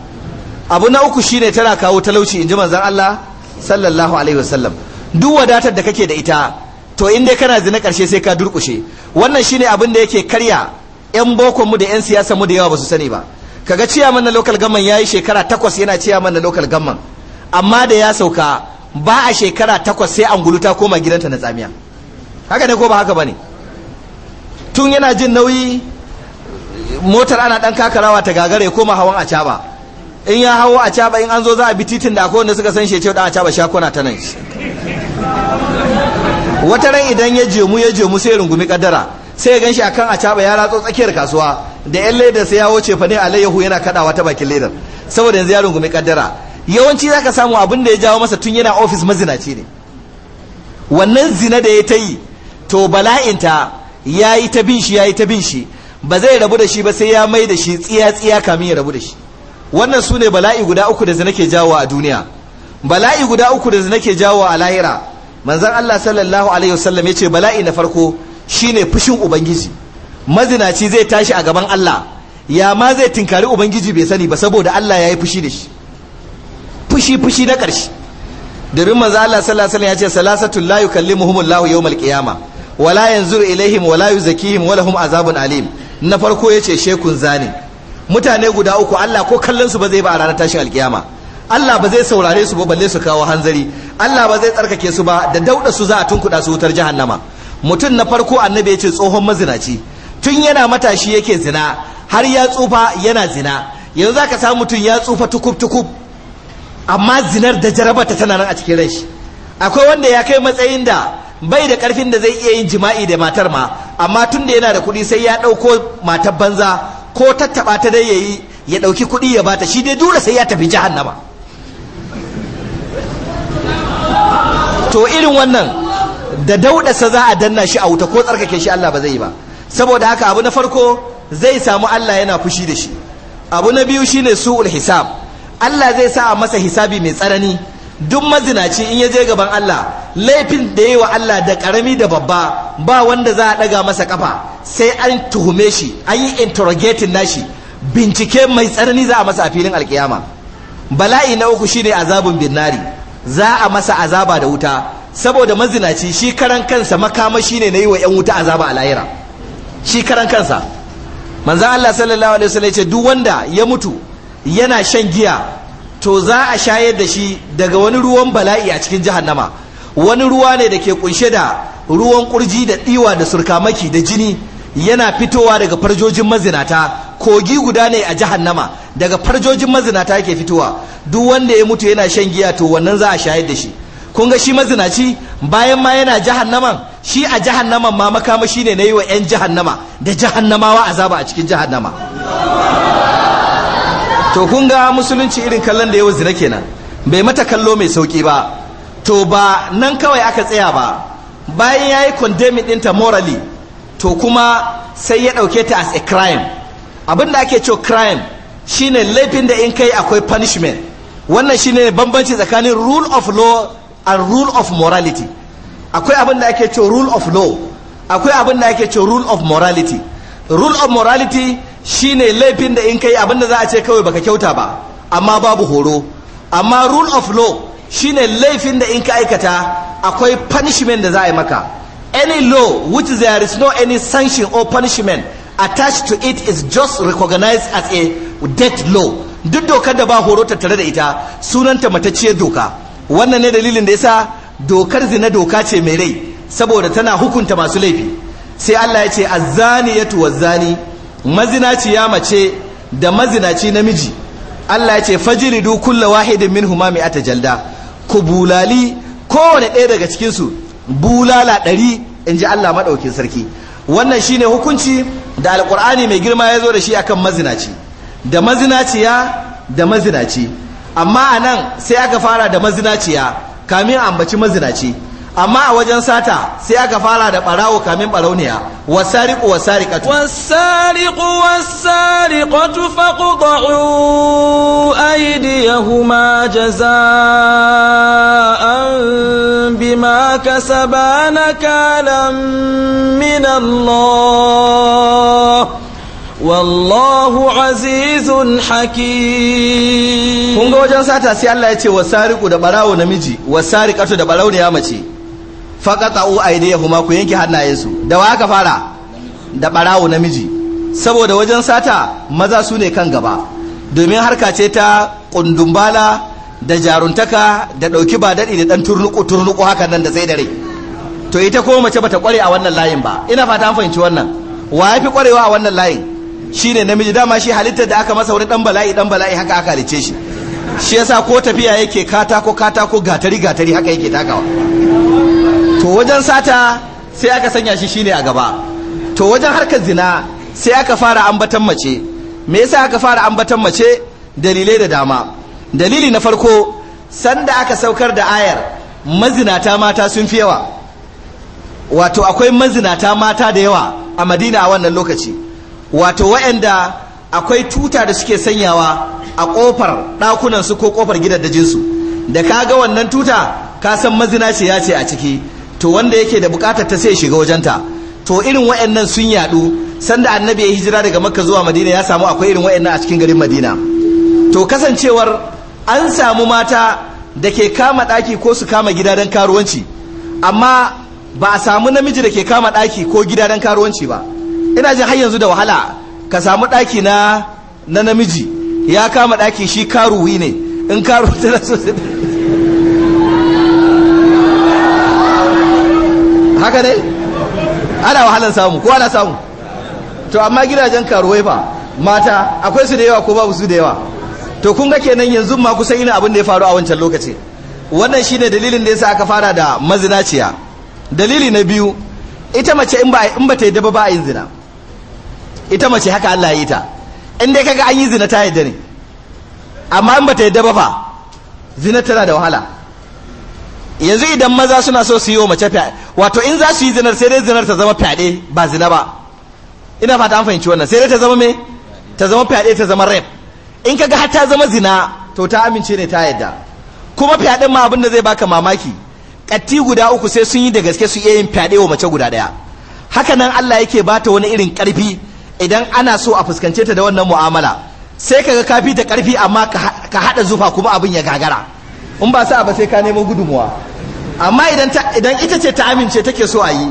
abu na uku shine tana kawo talauci in ji manzon Allah sallallahu alaihi wasallam duk wadatar da kake da ita to in dai kana zina karshe sai ka durkushe wannan shine abin da yake karya yan bokon mu da yan siyasa mu da yawa ba su sani ba kaga ciya mana local government yayi shekara takwas yana ciya mana local government amma da ya sauka ba a shekara takwas sai angulu ta koma gidanta na tsamiya haka ne ko ba haka bane tun yana jin nauyi motar ana dan kakarawa ta gagare koma hawan a caba in ya hawo a caba in an zo za a bi titin da akwai wanda suka san shi ce a caba shakuna ta nan wata ran idan ya jemu ya jemu sai rungumi kaddara sai ya ganshi akan a caba ya ratso tsakiyar kasuwa da yan leda sai ya wuce fa ne alayyahu yana kadawa ta bakin ledar saboda yanzu ya rungumi kaddara yawanci zaka samu abin da ya jawo masa tun yana ofis mazinaci ne wannan zina da ya ta yi to bala'inta ya yi ta bin shi ya yi ta bin shi ba zai rabu da shi ba sai ya mai da shi tsiya-tsiya kamin ya rabu da shi wannan su ne bala'i guda uku da zina ke jawo a duniya bala'i guda uku da zina ke jawo a lahira manzan Allah sallallahu alaihi wasallam ya ce bala'i na farko shine fushin ubangiji mazinaci zai tashi a gaban Allah ya ma zai tinkari ubangiji bai sani ba saboda Allah ya yi fushi da shi fushi fushi na ƙarshe domin manzan Allah sallallahu alaihi wasallam ya ce salasatul la yukallimuhumullahu yawmal qiyamah wala yanzur ilaihim wala yuzakihim wala hum azabun alim na farko yace shekun zani mutane guda uku Allah ko kallon su ba zai ba a ranar tashin alkiyama Allah ba zai saurare su ba balle su kawo hanzari Allah ba zai tsarkake su ba da dauda su za a tunkuda su wutar jahannama mutum na farko annabi yace tsohon mazinaci tun yana matashi yake zina har ya tsufa yana zina yanzu zaka samu mutum ya tsufa tukub tukub amma zinar da jarabata tana nan a cikin ranshi akwai wanda ya kai matsayin da bai da karfin da zai iya yin jima'i da matar ma amma tun da yana da kuɗi sai ya ɗauko matar banza ko tattaɓa ta dai yayi ya ɗauki kuɗi ya bata shi dai dole sai ya tafi jahannama to irin wannan da daudasa za a danna shi a wuta ko tsarkake shi Allah ba zai yi ba saboda haka abu na farko zai samu Allah yana fushi da shi abu na biyu shine su'ul hisab Allah zai sa masa hisabi mai tsanani duk mazinaci in ya je gaban Allah laifin da yi wa Allah da ƙarami da babba ba wanda za a ɗaga masa ƙafa sai an tuhume shi an yi interrogating shi bincike mai tsanani za a masa a filin alkiyama bala'i na uku shine azabun binnari za a masa azaba da wuta saboda mazinaci shi karan kansa makamashi ne na yi wa 'yan wuta azaba a lahira shi karan kansa manzan Allah sallallahu alaihi wasallam ce duk wanda ya mutu yana shan giya to za a shayar da shi daga wani ruwan bala'i a cikin jahannama wani ruwa ne da ke kunshe da ruwan kurji da ɗiwa da surkamaki da jini yana fitowa daga farjojin mazinata kogi guda ne a jahannama daga farjojin mazinata yake fitowa duk wanda ya mutu yana shan giya to wannan za a shayar da shi kun ga shi mazinaci bayan ma yana jahannaman shi a jahannaman ma makamashi ne na yi wa 'yan jahannama da jahannamawa azaba a cikin jahannama to kun ga musulunci irin kallon da yau zina kenan bai mata kallo mai sauki ba to ba nan kawai aka tsaya ba bayan ya yi condemning ɗinta morally to kuma sai ya ɗauke ta as a crime abin da ake cewa crime shine laifin da in kai akwai punishment wannan shine bambanci tsakanin rule of law and rule of morality akwai abin da ake cewa rule of law akwai abin da ake cewa rule of morality rule of morality shine laifin da in kai abin da za a ce kawai baka kyauta ba amma babu horo amma rule of law shine laifin da in ka aikata akwai punishment da za a yi maka any law which there is no any sanction or punishment attached to it is just recognized as a death law duk dokar da ba horo tare da ita sunanta matacciyar doka wannan ne dalilin da yasa dokar zina doka ce mai rai saboda tana hukunta masu laifi sai Allah ya ce zani mazinaci ya mace da mazinaci namiji Allah ya ce fajiridu kullu wahidin minhuma mi'ata jalda ku bulali kowane ɗaya daga cikinsu bulala ɗari in ji Allah maɗaukin sarki wannan shine hukunci da alƙur'ani mai girma ya zo da shi akan mazinaci da mazinaciya da mazinaci amma a nan sai aka fara da mazinaciya kamin ambaci mazinaci amma a wajen sata sai aka fara da barawo kamin barauniya wasariqu wasariqatu wasariqu wasariqatu faqdu aydihuma jazaa'an bima kasabana kalam min Allah wallahu azizun hakim kun wajen sata sai Allah ya ce wasariqu da barawo namiji wasariqatu da barauniya mace a faqata'u kuma ku yanke hannayensu da wa aka fara da barawo namiji saboda wajen sata maza su ne kan gaba domin harka ce ta kundumbala da jaruntaka da ɗauki ba daɗi da ɗan turnuku turnuku haka nan da sai rai to ita ko mace bata kware a wannan layin ba ina fata an fahimci wannan wa ya fi kwarewa a wannan layin shine namiji dama shi halittar da aka masa wani dan bala'i dan bala'i haka aka halice shi shi yasa ko tafiya yake katako katako gatari gatari haka yake takawa to wajen sata sai aka sanya shi shine a gaba to wajen harkar zina sai aka fara ambatan mace me yasa aka fara ambatan mace dalilai da dama dalili na farko sanda aka saukar da ayar mazinata mata sun fi yawa wato akwai mazinata mata da yawa a madina a wannan lokaci wato wa'anda akwai tuta da suke sanyawa a kofar ɗakunansu ko kofar su da ka ga wannan tuta ka san mazina ce ya ce a ciki to wanda yake da bukatar ta sai shiga wajenta to irin wayannan sun yadu sanda annabi ya hijira daga makka zuwa madina ya samu akwai irin wayannan a cikin garin madina to kasancewar an samu mata da ke kama daki ko su kama gida don karuwanci amma ba a samu namiji da ke kama daki ko gida don karuwanci ba ina ji har yanzu da wahala ka samu daki na na namiji ya kama daki shi karuwi ne in karu tana so haka ne ana wahalar samu ko ana samu to amma gidajen karuwai fa mata akwai su da yawa ko babu su da yawa to kun ga kenan yanzu ma kusan ina abin da ya faru a wancan lokaci wannan shine dalilin da yasa aka fara da mazinaciya dalili na biyu ita mace in ba in ba ta yadda ba a yin zina ita mace haka Allah ya yi ta in dai kaga an yi zina ta yadda ne amma in ba ta yadda ba fa zina tana da wahala yanzu idan maza suna so su yi wa mace fyaɗe wato in za su yi zinar sai dai zinar ta zama fyaɗe ba zina ba ina fata an fahimci wannan sai dai ta zama me ta zama fyaɗe ta zama rap in kaga har ta zama zina to ta amince ne ta yadda kuma fyaɗen ma abin da zai baka mamaki ƙatti guda uku sai sun yi da gaske su iya yin fyaɗe wa mace guda ɗaya haka nan Allah yake bata wani irin ƙarfi idan ana so a fuskance ta da wannan mu'amala sai kaga kafi ta ƙarfi amma ka haɗa zufa kuma abin ya gagara in ba sa ba sai ka nemo gudunmuwa amma idan ita ce ta amince take so a yi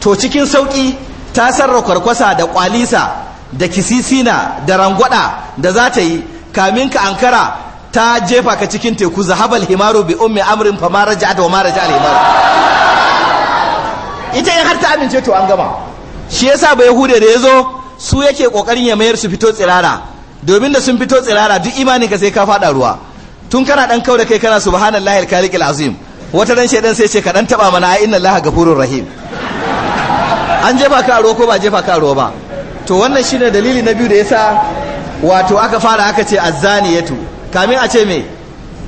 to cikin sauki ta sarra kwarkwasa da kwalisa da kisisina da rangwada da za ta yi kamin ka ankara ta jefa ka cikin teku zahabal himaru bi ummi amrin fa ma raja'at wa ma al himaru ita in har ta amince to an gama shi yasa ba yahude da yazo su yake kokarin ya mayar su fito tsirara domin da sun fito tsirara duk imani ka sai ka fada ruwa tun kana dan kau da kai kana subhanallahi al-khaliqil azim wata dan shedan sai ce ka dan taba mana inna allaha ghafurur rahim an jefa ka aro ko ba jefa ka aro ba to wannan shine dalili na biyu da yasa wato aka fara aka ce azzaniyatu kamin a ce me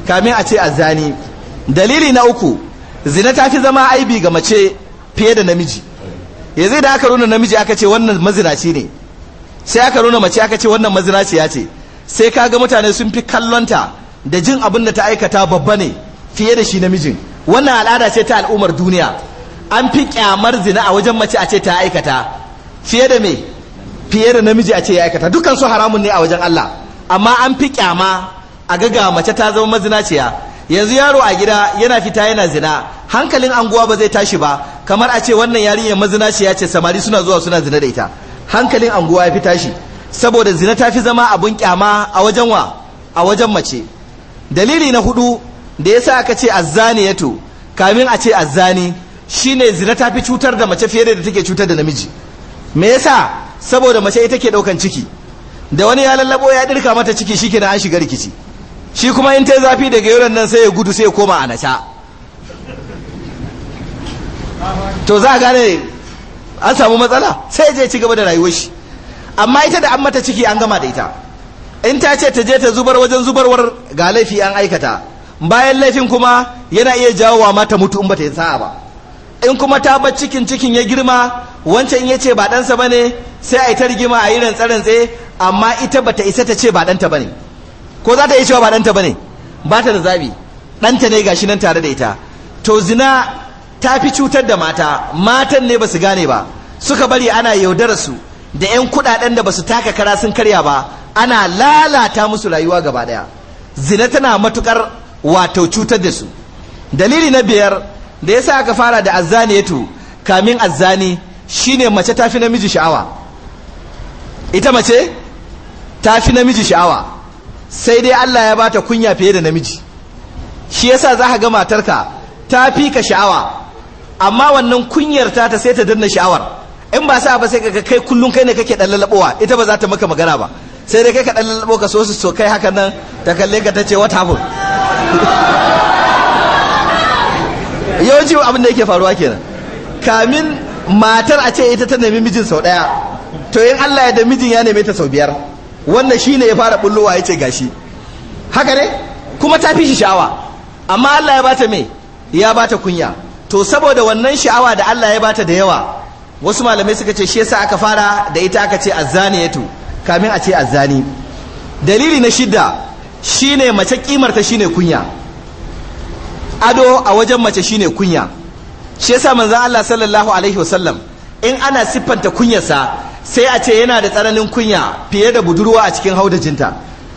kamin a ce azzani dalili na uku zina ta fi zama aibi ga mace fiye da namiji zai da aka runa namiji aka ce wannan mazinaci ne sai aka runa mace aka ce wannan ya ce sai kaga mutane sun fi kallonta da jin abin da ta aikata babba ne fiye da shi namijin wannan al'ada ce ta al'ummar duniya an fi kyamar zina a wajen mace a ce ta aikata fiye da me fiye da namiji a ce ya aikata dukkan su haramun ne a wajen Allah amma an fi kyama a gaga mace ta zama mazinaciya yanzu yaro a gida yana fita yana zina hankalin anguwa ba zai tashi ba kamar a ce wannan yarinyar mazinaciya ce samari suna zuwa suna zina da ita hankalin anguwa ya fi tashi saboda zina ta fi zama abun kyama a wajen wa a wajen mace dalili na hudu da ya sa aka ce azzani to kamin a ce azzani shine zina ta fi cutar da mace fiye da take cutar da namiji me yasa saboda mace ita ke daukan ciki da wani ya lallabo ya dirka mata ciki shi kenan an shiga rikici shi kuma in ta zafi daga yaron nan sai ya gudu sai ya koma a nata to za a gane an samu matsala sai ya je ci gaba da rayuwar shi amma ita da an mata ciki an gama da ita in ta ce ta je ta zubar wajen zubarwar ga laifi an aikata bayan laifin kuma yana iya jawo wa mata mutu in bata yi sa'a ba in kuma ta bar cikin cikin ya girma wancan in ya ce ba ɗansa ba ne sai a yi ta rigima a yi rantse-rantse amma ita ba ta isa ta ce ba ɗanta ba ne ko za ta iya cewa ba ɗanta ba ne ba ta da zaɓi ɗanta ne gashi nan tare da ita to zina ta fi cutar da mata matan ne ba su gane ba suka bari ana yaudararsu su da 'yan kudaden da basu taka kara sun karya ba ana lalata musu rayuwa gaba daya zina tana matukar wato cutar da su dalili na biyar da yasa aka fara da yato kamin azzani shine mace tafi namiji sha'awa ita mace tafi namiji sha'awa sai dai Allah ya bata kunya fiye da namiji shi yasa za ka ga matarka ta fi ka sha'awa amma wannan kunyar ta ta sai ta danna sha'awar in ba sa ba sai ka kai kullun kai ne kake dallalabowa ita ba za ta maka magana ba sai dai kai ka dallalabo ka so su so kai haka nan ta kalle ka tace what happened *laughs* yawanci abin da yake faruwa kenan kamin matar a ce ita ta nemi mijin sau daya to in Allah ya da mijin ya neme ta sau biyar wannan shine ya fara bullowa ya ce gashi haka ne kuma ta fi shi sha'awa amma Allah ya bata me ya bata kunya to saboda wannan sha'awa da Allah ya bata da yawa wasu malamai suka ce shi yasa aka fara da ita aka ce azzaniyatu kamin a ce azzani dalili na shidda shine mace kimar ta shine kunya ado a wajen mace shine kunya shi yasa manzon Allah sallallahu alaihi wasallam in ana siffanta kunyarsa sai a ce yana da tsananin kunya fiye da budurwa a cikin haudajinta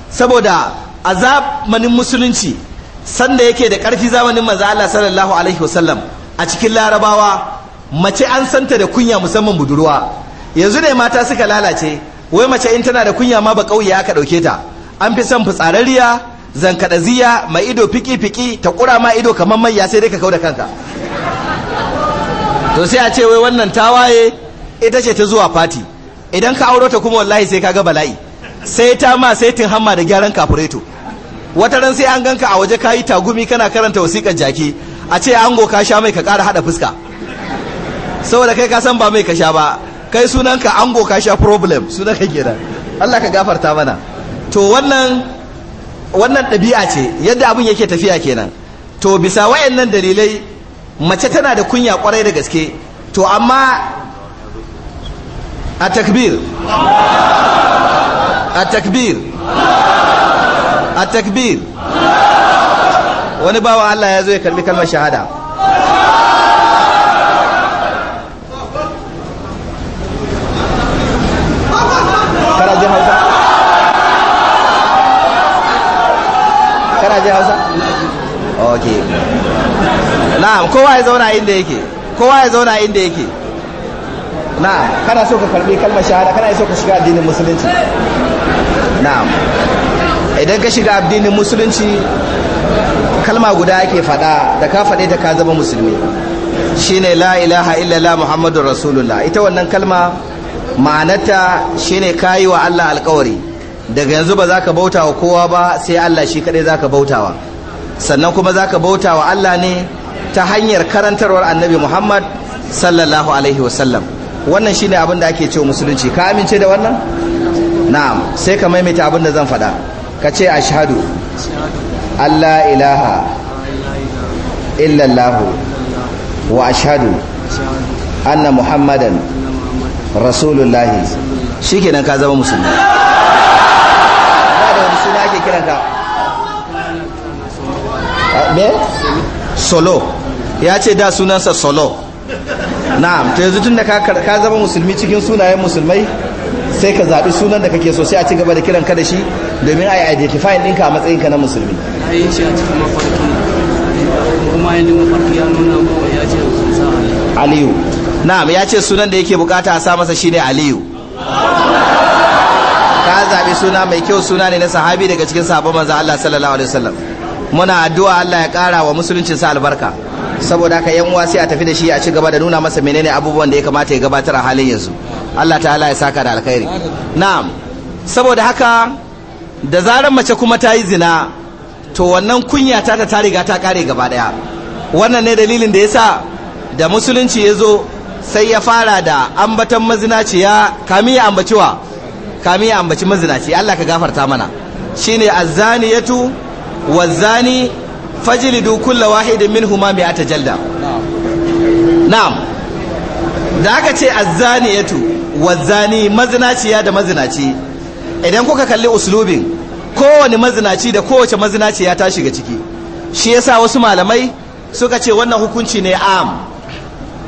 saboda azamanin musulunci sanda yake da karfi zamanin manzo Allah sallallahu alaihi wasallam a cikin larabawa mace an santa da kunya musamman budurwa yanzu ne mata suka lalace wai mace in tana da kunya ma ba kauye aka dauke ta an fi son fitsarariya zankadaziya mai ido fiki fiki ta kura ma ido kamar manya sai dai ka kauda kanka to sai a ce wai wannan tawaye ita ce ta zuwa fati idan ka auro ta kuma wallahi sai kaga bala'i sai ta ma sai tin hamma da gyaran kafureto wata ran sai an ganka a waje ka yi tagumi kana karanta wasikar jaki a ce ango ka sha mai ka ƙara haɗa fuska saboda kai ka san ba mai kasha ba kai sunanka ango ka sha problem sunanka kenan Allah ka gafarta mana to wannan wannan ɗabi'a ce yadda abin yake tafiya kenan to bisa wayannan dalilai mace tana da kunya kwarai da gaske to amma a takbir a takbir a takbir wani bawa Allah ya zo ya kalli kalmar shahada ji hausa kana jin hausa ok na'am kowa ya zauna inda yake kowa ya zauna inda yake na'am kana so ka karbi kalmar shahada kana so ka shiga addinin musulunci na'am idan ka shiga addinin musulunci kalma guda ake fada da ka fade ta ka zama musulmi shine la ilaha illallah muhammadur rasulullah ita wannan kalma ne shine kayi wa Allah alkawari daga yanzu ba za ka bauta wa kowa ba sai Allah shi kaɗai za ka wa sannan kuma za ka bauta wa Allah ne ta hanyar karantarwar annabi Muhammad sallallahu alaihi wasallam wannan shi ne abin da ake ce musulunci ka amince da wannan na'am sai ka maimaita abin da zan faɗa ka ce a shahadu Allah ilaha illallahu wa ashadu anna muhammadan rasulullahi nan ka zama musulmi da wani suna kiran ka solo ya ce da sunansa solo na'am to yanzu tun da ka zama musulmi cikin sunayen musulmai sai ka zaɓi sunan da kake so sai a ci gaba da kiran ka da shi domin a yi identifying ɗinka a matsayin ka na musulmi ayin shi a cikin mafarki nuna ya aliyu na'am ya ce sunan da yake bukata a sa masa shine aliyu ka zaɓi suna mai kyau suna ne na sahabi daga cikin sabon manzo Allah sallallahu alaihi wasallam muna addu'a Allah ya ƙara wa musuluncin sa albarka saboda haka yan uwa a tafi da shi a ci gaba da nuna masa menene abubuwan da ya kamata ya gabatar a halin yanzu Allah ta'ala ya saka da alkhairi na'am saboda haka da zarar mace kuma ta yi zina to wannan kunya ta ta riga ta kare gaba daya wannan ne dalilin da yasa da musulunci ya zo sai ya fara da ambatan mazinaciya kami ya ambaci wa kami ya ambaci mazinaci Allah ka gafarta mana shine azzaniyatu wazani fajlidu kullu wahidin minhuma mi'ata jalda na'am da aka ce azzaniyatu wazani mazinaciya da mazinaci idan kuka kalli uslubin kowane mazinaci da kowace mazinaciya ta shiga ciki shi yasa wasu malamai suka ce wannan hukunci ne am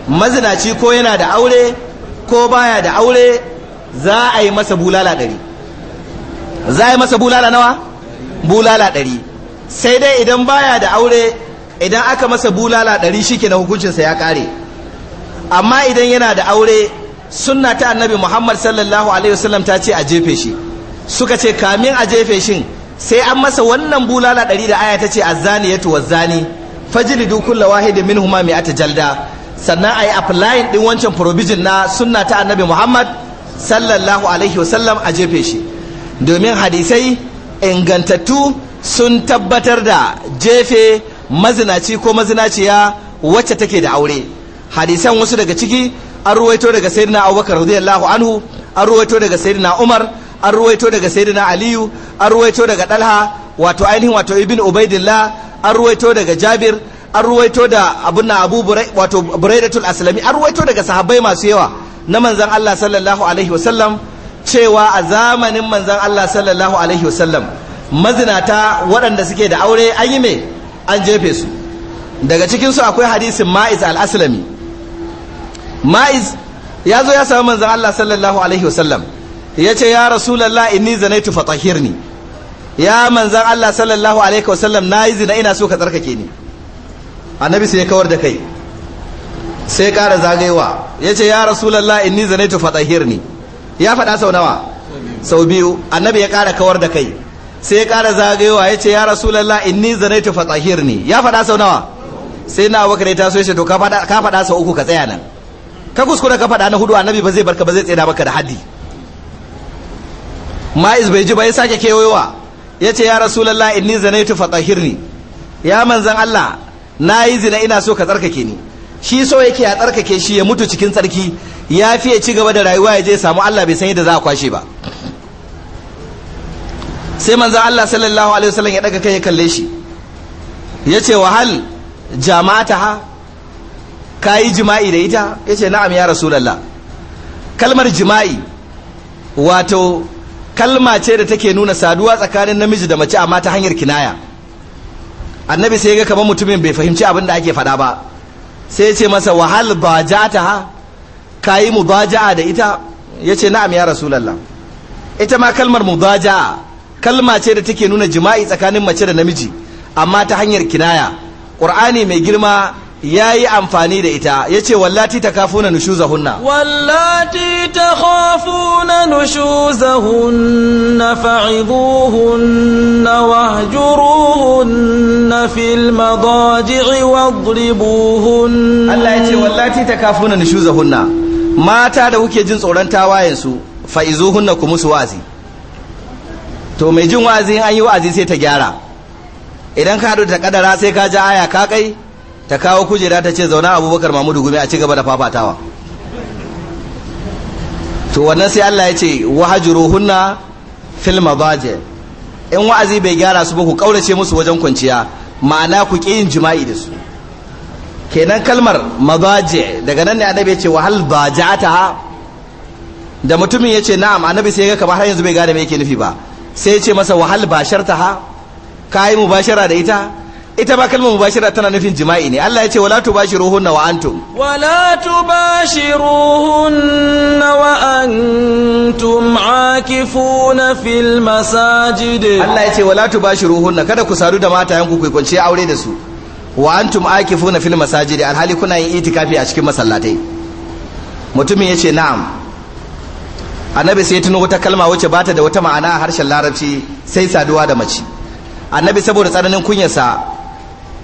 mazinaci ko yana da aure ko baya da aure za a yi masa bulala ɗari za a yi masa bulala nawa bulala ɗari sai dai idan baya da aure idan aka masa bulala ɗari shi ke na hukuncinsa ya ƙare amma idan yana da aure suna ta annabi muhammad sallallahu alaihi wasallam ta ce a jefe shi suka ce kamin a jefe shin sai an masa wannan bulala ɗari da aya ta ce zani ya tuwa zani fajilidu kulla wahidin min huma mai ata jalda sannan a yi applying din wancan provision na sunna ta annabi muhammad sallallahu alaihi wasallam a jefe shi domin hadisai ingantattu sun tabbatar da jefe mazinaci ko mazinaciya wacce take da aure hadisan wasu daga ciki an ruwaito daga sayyidina abubakar radiyallahu anhu an ruwaito daga sayyidina umar an ruwaito daga sayyidina aliyu an ruwaito daga dalha wato ainihin wato ibn ubaidillah an ruwaito daga jabir an ruwaito da abun na abu wato buraidatul aslami an ruwaito daga sahabbai masu yawa na manzan Allah sallallahu alaihi wasallam cewa a zamanin manzan Allah sallallahu alaihi wasallam mazinata waɗanda suke da aure an yi me an jefe su daga cikinsu akwai hadisin ma'iz al-aslami ma'iz ya zo ya samu manzan Allah sallallahu alaihi wasallam ya ce ya rasulallah inni zanaitu fatahirni ya manzan Allah sallallahu alaihi wasallam na yi zina ina so ka tsarkake ni annabi sai ya kawar da kai sai ƙara zagayewa ya ce ya rasulallah inni zane zanaitu fatahirni ya faɗa sau nawa sau biyu annabi ya ƙara kawar da kai sai ya ƙara zagayewa ya ce ya rasulallah inni zane zanaitu fatahirni ya faɗa sau nawa sai na abubakar ya taso ya ce to ka faɗa sau uku ka tsaya nan ka kuskura ka faɗa na hudu annabi ba zai barka ba zai tsaya maka da haddi ma'iz bai ji ba ya sake kewayowa ya ce ya rasulallah inni zanaitu fatahirni ya manzan Allah na yi zina ina so ka tsarkake ni shi so yake ya tsarkake shi ya mutu cikin tsarki ya fi ya ci gaba da rayuwa ya je samu Allah bai san yadda za a kwashe ba sai manzan Allah sallallahu alaihi wasallam ya daga kai ya kalle shi ya ce wahal jama'ata ha ka yi jima'i da ita ya ce na'am ya rasu lalla kalmar jima'i wato kalma ce da take nuna saduwa tsakanin namiji da mace amma ta hanyar kinaya annabi sai ya ga kamar mutumin bai fahimci abin da ake faɗa ba sai ya ce masa wahal ba ja ta ka yi mubaja'a da ita ya ce na'am ya rasulallah ita ma kalmar mubaja'a kalma ce da take nuna jima'i tsakanin mace da namiji amma ta hanyar kinaya ƙur'ani mai girma ya yi amfani da ita ya ce wallati ta kafu na nushu zahunna wallati ta kafu na nushu zahunna fa'iduhunna wahjuruhunna fil madaji'i wadribuhunna Allah ya ce wallati ta kafu na nushu zahunna mata da kuke jin tsoron tawayensu hunna ku musu wazi to mai jin wazi an yi wazi sai ta gyara idan ka haɗu ta kadara sai ka ji aya ka kai ta kawo kujera ta ce zauna abubakar mamudu gumi a ci gaba da fafatawa to wannan sai allah ya ce hunna fil mabaje in wa'azi bai gyara su ba ku kaurace musu wajen kwanciya ma'ana ku ƙi yin jima'i da su kenan kalmar mabaje daga nan ne annabi ya ce wahal bajata da mutumin ya ce na'am annabi sai ya ga kamar har yanzu bai gane me yake nufi ba sai ya ce masa wahal ha ka yi mubashara da ita ita ba kalmar mubashira tana nufin jima'i ne Allah ya ce wala tubashiruhunna wa antum wala tubashiruhunna wa antum akifuna fil masajid Allah ya ce wala tubashiruhunna kada ku sadu da mata ku ku kwance aure da su wa antum akifuna fil masajid alhali kuna yin itikafi a cikin masallatai mutumin yace na'am annabi sai ya tuno wata kalma wacce bata da wata ma'ana a harshen larabci sai saduwa da mace annabi saboda tsananin kunyarsa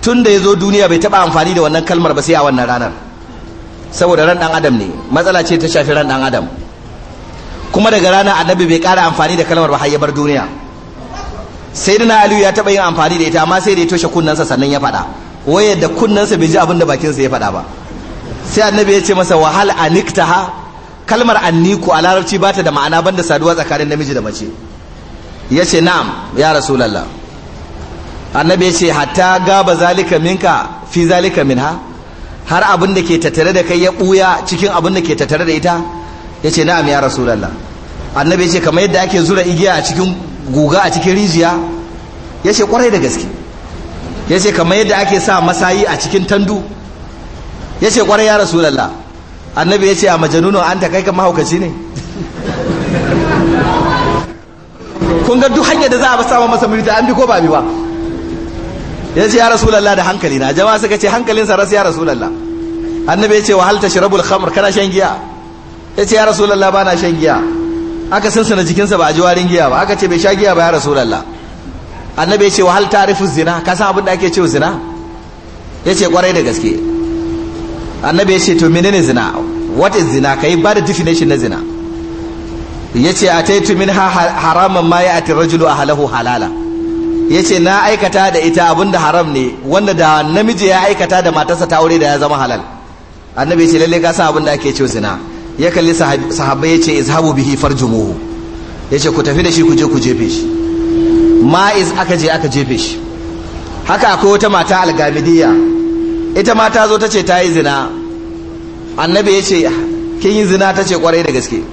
tun da ya zo duniya bai taɓa amfani da wannan kalmar ba sai a wannan ranar saboda ran ɗan adam ne matsala ce ta shafi ran dan adam kuma daga ranar annabi bai kara amfani da kalmar ba har ya bar duniya sai dana aliyu ya taɓa yin amfani da ita amma sai da ya toshe kunnansa sannan ya faɗa wayar da kunnansa bai ji abin da bakinsa ya faɗa ba sai annabi ya ce masa wahal aniktaha kalmar anniku a larabci ba ta da ma'ana banda saduwa tsakanin namiji da mace ya ce na'am ya rasulallah annabi ya ce hatta gaba zalika minka fi zalika minha har abin da ke tattare da kai ya buya cikin abin da ke tattare da ita ya ce na'am ya rasulallah annabi ya ce kamar yadda ake zura igiya a cikin guga a cikin rijiya ya ce kwarai da gaske ya ce kamar yadda ake sa masayi a cikin tandu ya ce kwarai ya rasulallah annabi ya ce a majanuno an ta kai kan mahaukaci ne *laughs* kun ga duk hanyar da za a ba sama masa murita an bi ko ba bi ba ya ce ya rasulallah da hankali na jama'a suka ce hankalinsa rasu ya rasulallah annabi ya ce wa halta shirabul khamr kana shan giya ya ce ya rasulallah ba na shan giya aka sinsina jikinsa ba a ji warin giya ba aka ce bai sha giya ba ya rasulallah annabi ya ce wa hal tarifu zina ka san abin da ake cewa zina ya ce kwarai da gaske annabi ya ce to menene zina what is zina ka yi ba da definition na zina ya ce a taitu min haraman ma ya ati rajulu a halahu halala ya ce na aikata da ita abinda da haram ne wanda da namiji ya aikata da matarsa ta aure da ya zama halal annabi ce lalle ka san abinda da ake ce zina ya kalli sahabbai ya ce izhabu bihi farjumuhu ya ce ku tafi da shi ku je ku jefe shi iz aka je aka jefe shi haka akwai wata mata algamidiyya ita ma ta zo ta ce ta yi zina annabi ya ce kin yi zina ta ce kwarai da gaske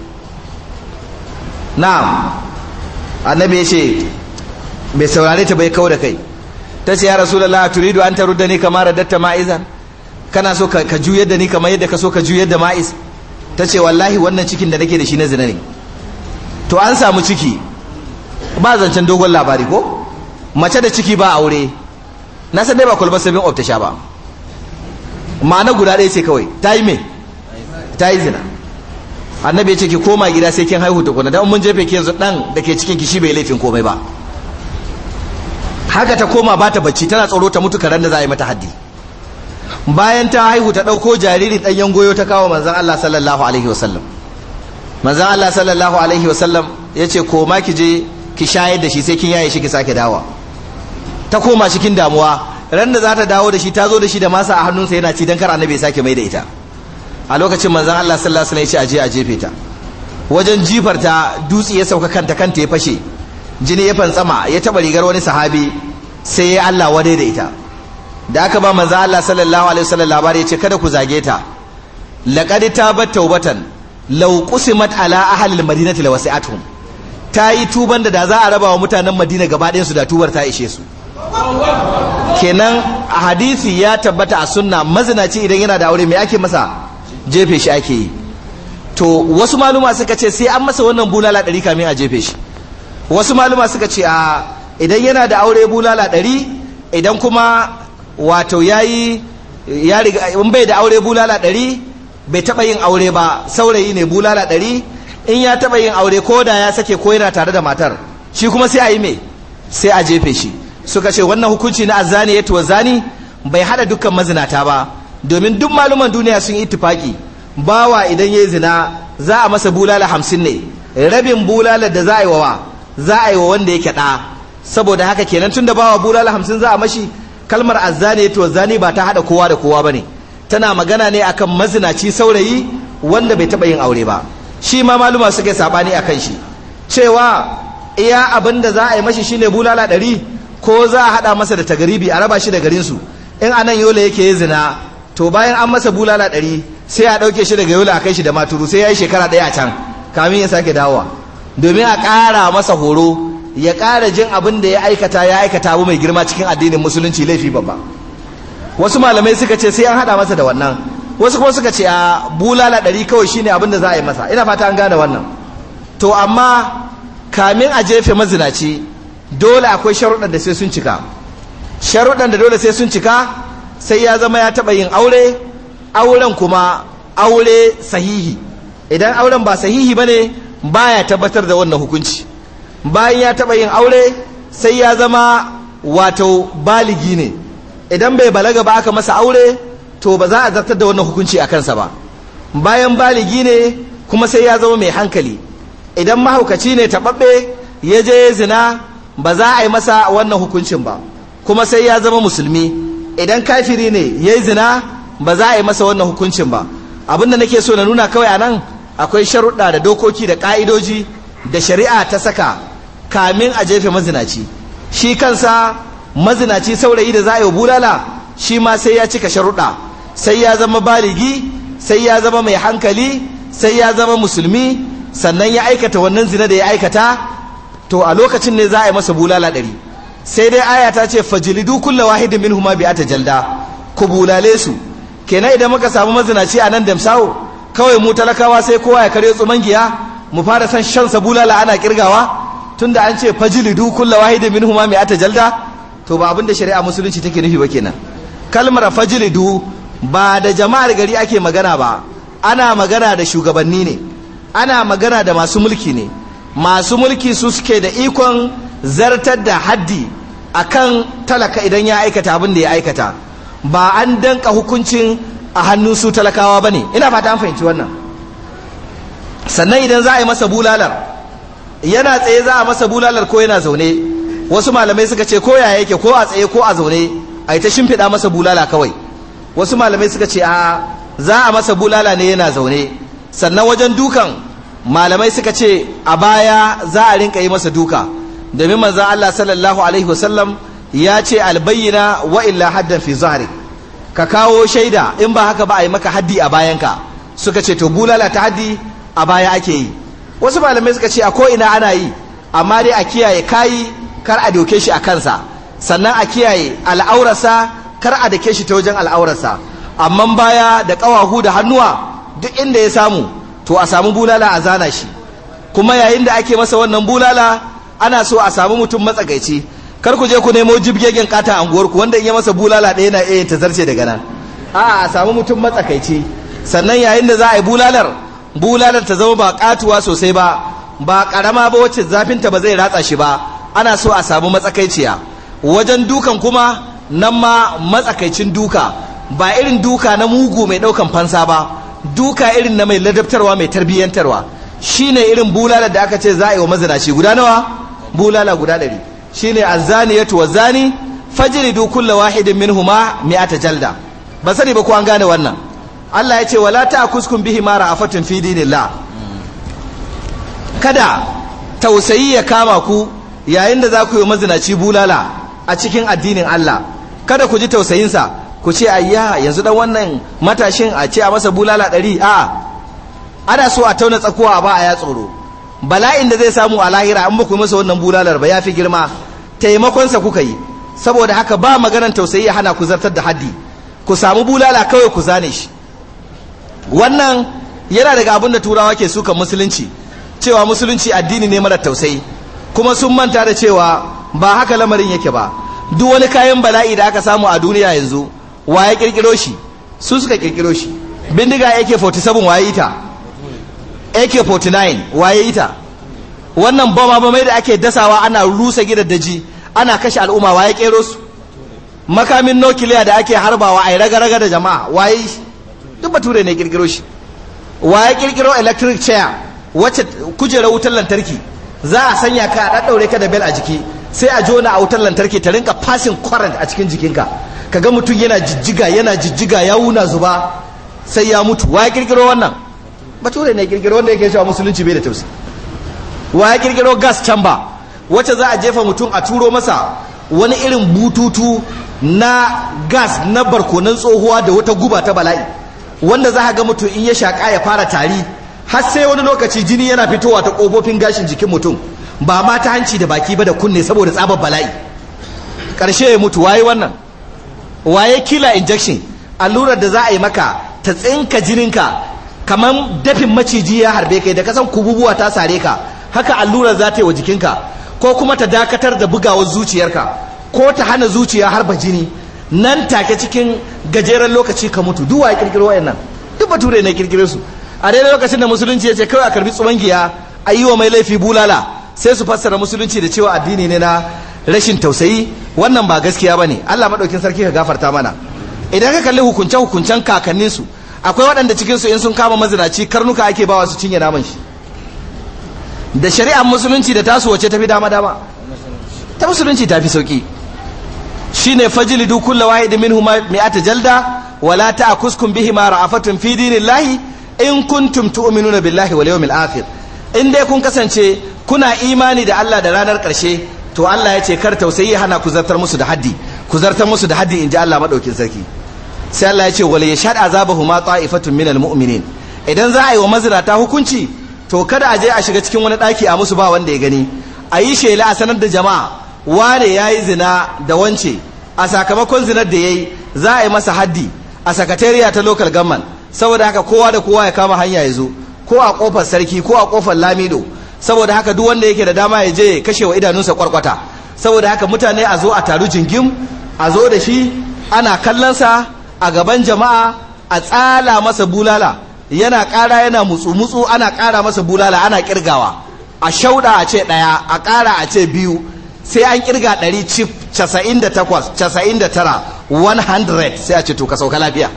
na'am annabi ya ce bai saurare ta bai kawo da kai ta ce ya rasulullah turidu an tarudda ni kamar datta ma'izan kana so ka juyar da ni kamar yadda ka so ka juyar da ma'iz ta ce wallahi wannan cikin da nake da shi na zina ne to an samu ciki ba zancen dogon labari ko mace da ciki ba aure na san dai ba kwalba sabin of ta sha ba ma'ana guda ɗaya ce kawai ta yi me ta yi zina annabi ya ce ki koma gida sai kin haihu tukuna don mun jefe ki yanzu dan da ke cikin ki shi bai laifin komai ba haka ta koma ba ta bacci tana tsoro ta mutu karen da za a yi mata haddi bayan ta haihu ta ɗauko jaririn ɗanyen goyo ta kawo manzan Allah sallallahu alaihi wasallam manzan Allah sallallahu alaihi wasallam ya ce koma ki je ki shayar da shi sai kin yaye shi ki sake dawa ta koma cikin damuwa ran da za ta dawo da shi ta zo da shi da masa a hannunsa yana ci don kar annabi ya sake mai da ita a lokacin manzan Allah sallallahu alaihi wasallam ya ce aje a jefe ta wajen jifar ta dutse ya sauka kanta kanta ya fashe jini ya fantsama ya taba rigar wani sahabi sai ya Allah wadai da ita da aka ba manzo Allah sallallahu alaihi wasallam labari ya ce kada ku zage ta laqad tabat tawbatan law qusimat ala ahli almadinati lawasi'atuhum ta yi tuban da da za a raba wa mutanen Madina gaba ɗayan su da tubar ta ishe su kenan a hadisi ya tabbata a sunna mazinaci idan yana da aure mai ake masa jefe shi ake yi to wasu maluma suka ce sai an masa wannan bulala ɗari kamin a jefe shi wasu maluma suka ce a idan yana da aure bulala ɗari idan kuma wato ya yi in bai da aure bulala ɗari bai taɓa yin aure ba saurayi ne bulala ɗari in ya taɓa yin aure ko da ya sake ko yana tare da matar shi kuma sai a yi me sai a jefe shi suka ce wannan hukunci na azani ya tuwa zani bai hada dukkan mazinata ba domin duk maluman duniya sun yi tufaki bawa idan ya yi zina za a masa bulala hamsin ne rabin bulala da za a yi wawa. za a yi wa wanda yake ɗa saboda haka kenan tun da bawa bulala hamsin za a mashi kalmar azzani to zani ba ta haɗa kowa da kowa ba ne tana magana ne akan mazinaci saurayi wanda bai taɓa yin aure ba shi ma maluma suka sabani saɓani akan shi cewa iya abin da za a yi mashi shine bulala ɗari ko za a haɗa masa da tagaribi a raba shi da garinsu in anan yola yake yi zina to bayan an masa bulala ɗari sai a ɗauke shi daga yola a kai shi da maturu sai ya yi shekara ɗaya a can kamin ya sake dawowa domin a ƙara masa horo ya ƙara jin abin da ya aikata ya aikata abu mai girma cikin addinin musulunci laifi babba wasu malamai suka ce sai an haɗa masa da wannan wasu kuma suka ce a bulala ɗari kawai shine abin da za a yi masa ina fata an gane wannan to amma kamin a jefe mazinaci dole akwai sharuɗan da sai sun cika sharuɗan da dole sai sun cika sai ya zama ya taɓa yin aure auren kuma aure sahihi idan auren ba sahihi ba ne baya tabbatar da wannan hukunci bayan ya taba yin aure sai ya zama wato baligi ne idan bai balaga ba aka masa aure to ba za a zartar da wannan hukunci a kansa ba bayan baligi ne kuma sai ya zama mai hankali idan mahaukaci ne taɓaɓɓe ya je zina ba za a yi masa wannan hukuncin ba kuma sai ya zama musulmi idan kafiri ne ya yi zina ba za a yi masa wannan hukuncin ba abin da nake so na nuna kawai a nan akwai sharuɗa da dokoki da ƙa'idoji da shari'a ta saka kamin a jefe mazinaci shi kansa mazinaci saurayi da za a yi bulala shi ma sai ya cika sharuɗa sai ya zama baligi sai ya zama mai hankali sai ya zama musulmi sannan ya aikata wannan zina da ya aikata to a lokacin ne za a yi masa bulala ɗari sai dai aya ta ce fajilidu kulla wahidi min huma bi'ata jalda ku bulale su kenan idan muka samu mazinaci a nan damsawo kawai mu talakawa sai kowa ya kare tsuman giya mu fara san shan sabulala ana kirgawa tunda an ce fajlidu kullu wahidin ma mi'ata jalda to ba abinda shari'a musulunci take nufi ba kenan kalmar fajlidu ba da jama'ar gari ake magana ba ana magana da shugabanni ne ana magana da masu mulki ne masu mulki su suke da ikon zartar da haddi akan talaka idan ya aikata abin da ya aikata ba an danka hukuncin a hannun su talakawa ba ne ina fata an fahimci wannan sannan idan za a yi masa bulalar yana tsaye za a masa bulalar ko yana zaune wasu malamai suka ce ko yaya yake ko a tsaye ko a zaune a yi ta shimfiɗa masa bulala kawai wasu malamai suka ce a za a masa bulala ne yana zaune sannan wajen dukan malamai suka ce a baya za a rinka yi masa duka domin manzan Allah sallallahu alaihi wasallam ya ce albayyana wa illa haddan fi zahari ka kawo shaida in ba haka ba a yi maka haddi a bayanka suka ce to bulala ta haddi a baya ake yi wasu malamai suka ce a ko ina ana yi amma dai a kiyaye kayi kar a doke shi a kansa sannan a kiyaye al'aurarsa kar a dake shi ta wajen al'aurarsa amma baya da ƙawahu da hannuwa duk inda ya samu to a samu bulala a zana shi kuma yayin da ake masa wannan bulala ana so a samu mutum matsagaici kar ku je ku nemo jibgegen kata a unguwarku wanda in yi masa bulala ɗaya na iya tazarce daga nan a a samu mutum matsakaici sannan yayin da za a yi bulalar bulalar ta zama ba katuwa sosai ba ba karama ba wacce zafinta ba zai ratsa shi ba ana so a samu matsakaiciya wajen dukan kuma nan ma matsakaicin duka ba irin duka na mugu mai ɗaukan fansa ba duka irin na mai ladabtarwa mai tarbiyyantarwa shine irin bulalar da aka ce za a yi wa mazinaci guda nawa bulala guda ɗari Shi ne shine azzaniyatu zani fajridu dukulla wahidin minhuma mi'ata jalda ba sani ba ko an gane wannan Allah ya ce wala ta'kuskum bihi ma ra'afatun fi dinillah kada tausayi ya kama ku yayin da za ku yi mazinaci bulala a cikin addinin Allah kada ku ji tausayinsa ku ce ayya yanzu dan wannan matashin a ce a masa bulala ɗari a ana so a tauna tsakuwa ba a ya tsoro bala'in da zai samu a lahira an baku masa wannan bulalar ba ya fi girma taimakonsa kuka yi saboda haka ba maganar tausayi ya hana ku zartar da haddi ku samu bulala kawai ku zane shi wannan yana daga abin da turawa ke sukan musulunci cewa musulunci addini ne mara tausayi kuma sun manta da cewa ba haka lamarin yake ba duk wani kayan bala'i da aka samu a duniya yanzu wa ya kirkiro shi su suka kirkiro shi bindiga yake 47 waye ita AK-49 waye ita wannan bama bamai da ake dasawa ana rusa gidan daji ana kashe al'umma waye kero su makamin nukiliya da ake harbawa a raga-raga da jama'a waye duk bature ne kirkiro shi waye kirkiro electric chair wacce kujera wutar lantarki za a sanya ka a ɗaɗɗaure ka da bel a jiki sai a jona a wutar lantarki ta rinka passing current a cikin jikinka ga mutum yana jijjiga yana jijjiga ya wuna zuba sai ya mutu waye kirkiro wannan bature ne girgiro wanda yake cewa musulunci bai da tausi wa ya kirkiro gas chamber wacce za a jefa mutum a turo masa wani irin bututu na gas na barkonan tsohuwa da wata guba ta bala'i wanda za a ga mutum in ya shaƙa ya fara tari har sai wani lokaci jini yana fitowa ta ƙofofin gashin jikin mutum ba ma ta hanci da baki ba da kunne saboda tsabar bala'i ƙarshe ya mutu waye wannan waye kila injection allurar da za a yi maka ta tsinka jininka kamar dafin maciji ya harbe kai da kasan kububuwa ta sare ka haka allurar za ta yi wa jikinka ko kuma ta dakatar da bugawar zuciyarka ko ta hana zuciya harba jini nan take cikin gajeren lokaci ka mutu duwa ya kirkiro wayannan duk bature ne kirkire su a daidai lokacin da musulunci ya ce kawai a karbi tsubangiya a yi wa mai laifi bulala sai su fassara musulunci da cewa addini ne na rashin tausayi wannan ba gaskiya ba ne allah maɗaukin sarki ka gafarta mana idan ka kalli hukunce hukuncen kakanninsu akwai waɗanda cikinsu in sun kama mazinaci karnuka ake ba su cinye naman shi da shari'ar musulunci da tasu wace tafi dama dama ta musulunci tafi sauki shine fajili du kullu wahid minhum mi'ata jalda wala ta'kuskum bihima ra'afatun fi dinillahi in kuntum tu'minuna billahi wal yawmil akhir in dai kun kasance kuna imani da Allah da ranar karshe to Allah ya ce kar tausayi hana ku zartar musu da haddi ku zartar musu da haddi ji Allah madaukin sarki sai Allah ya ce wal yashad ma ta'ifatun minal mu'minin idan za a yi wa mazrata hukunci to kada a je a shiga cikin wani daki a musu ba wanda ya gani a yi shela a sanar da jama'a wane yayi zina da wance a sakamakon zinar da yayi za a yi masa haddi a sakatariya ta local government saboda haka kowa da kowa ya kama hanya ya zo ko a kofar sarki ko a kofar lamido saboda haka duk wanda yake da dama ya je kashe wa idanunsa kwarkwata saboda haka mutane a zo a taru jingim a zo da shi ana kallon sa. a gaban jama'a a tsala masa bulala yana ƙara yana mutsu-mutsu ana ƙara masa bulala ana ƙirgawa a shauɗa a ce ɗaya a ƙara a ce biyu sai an ƙirga ɗari cif casa'in da takwas casa'in da tara 100 sai a ce to ka sauka lafiya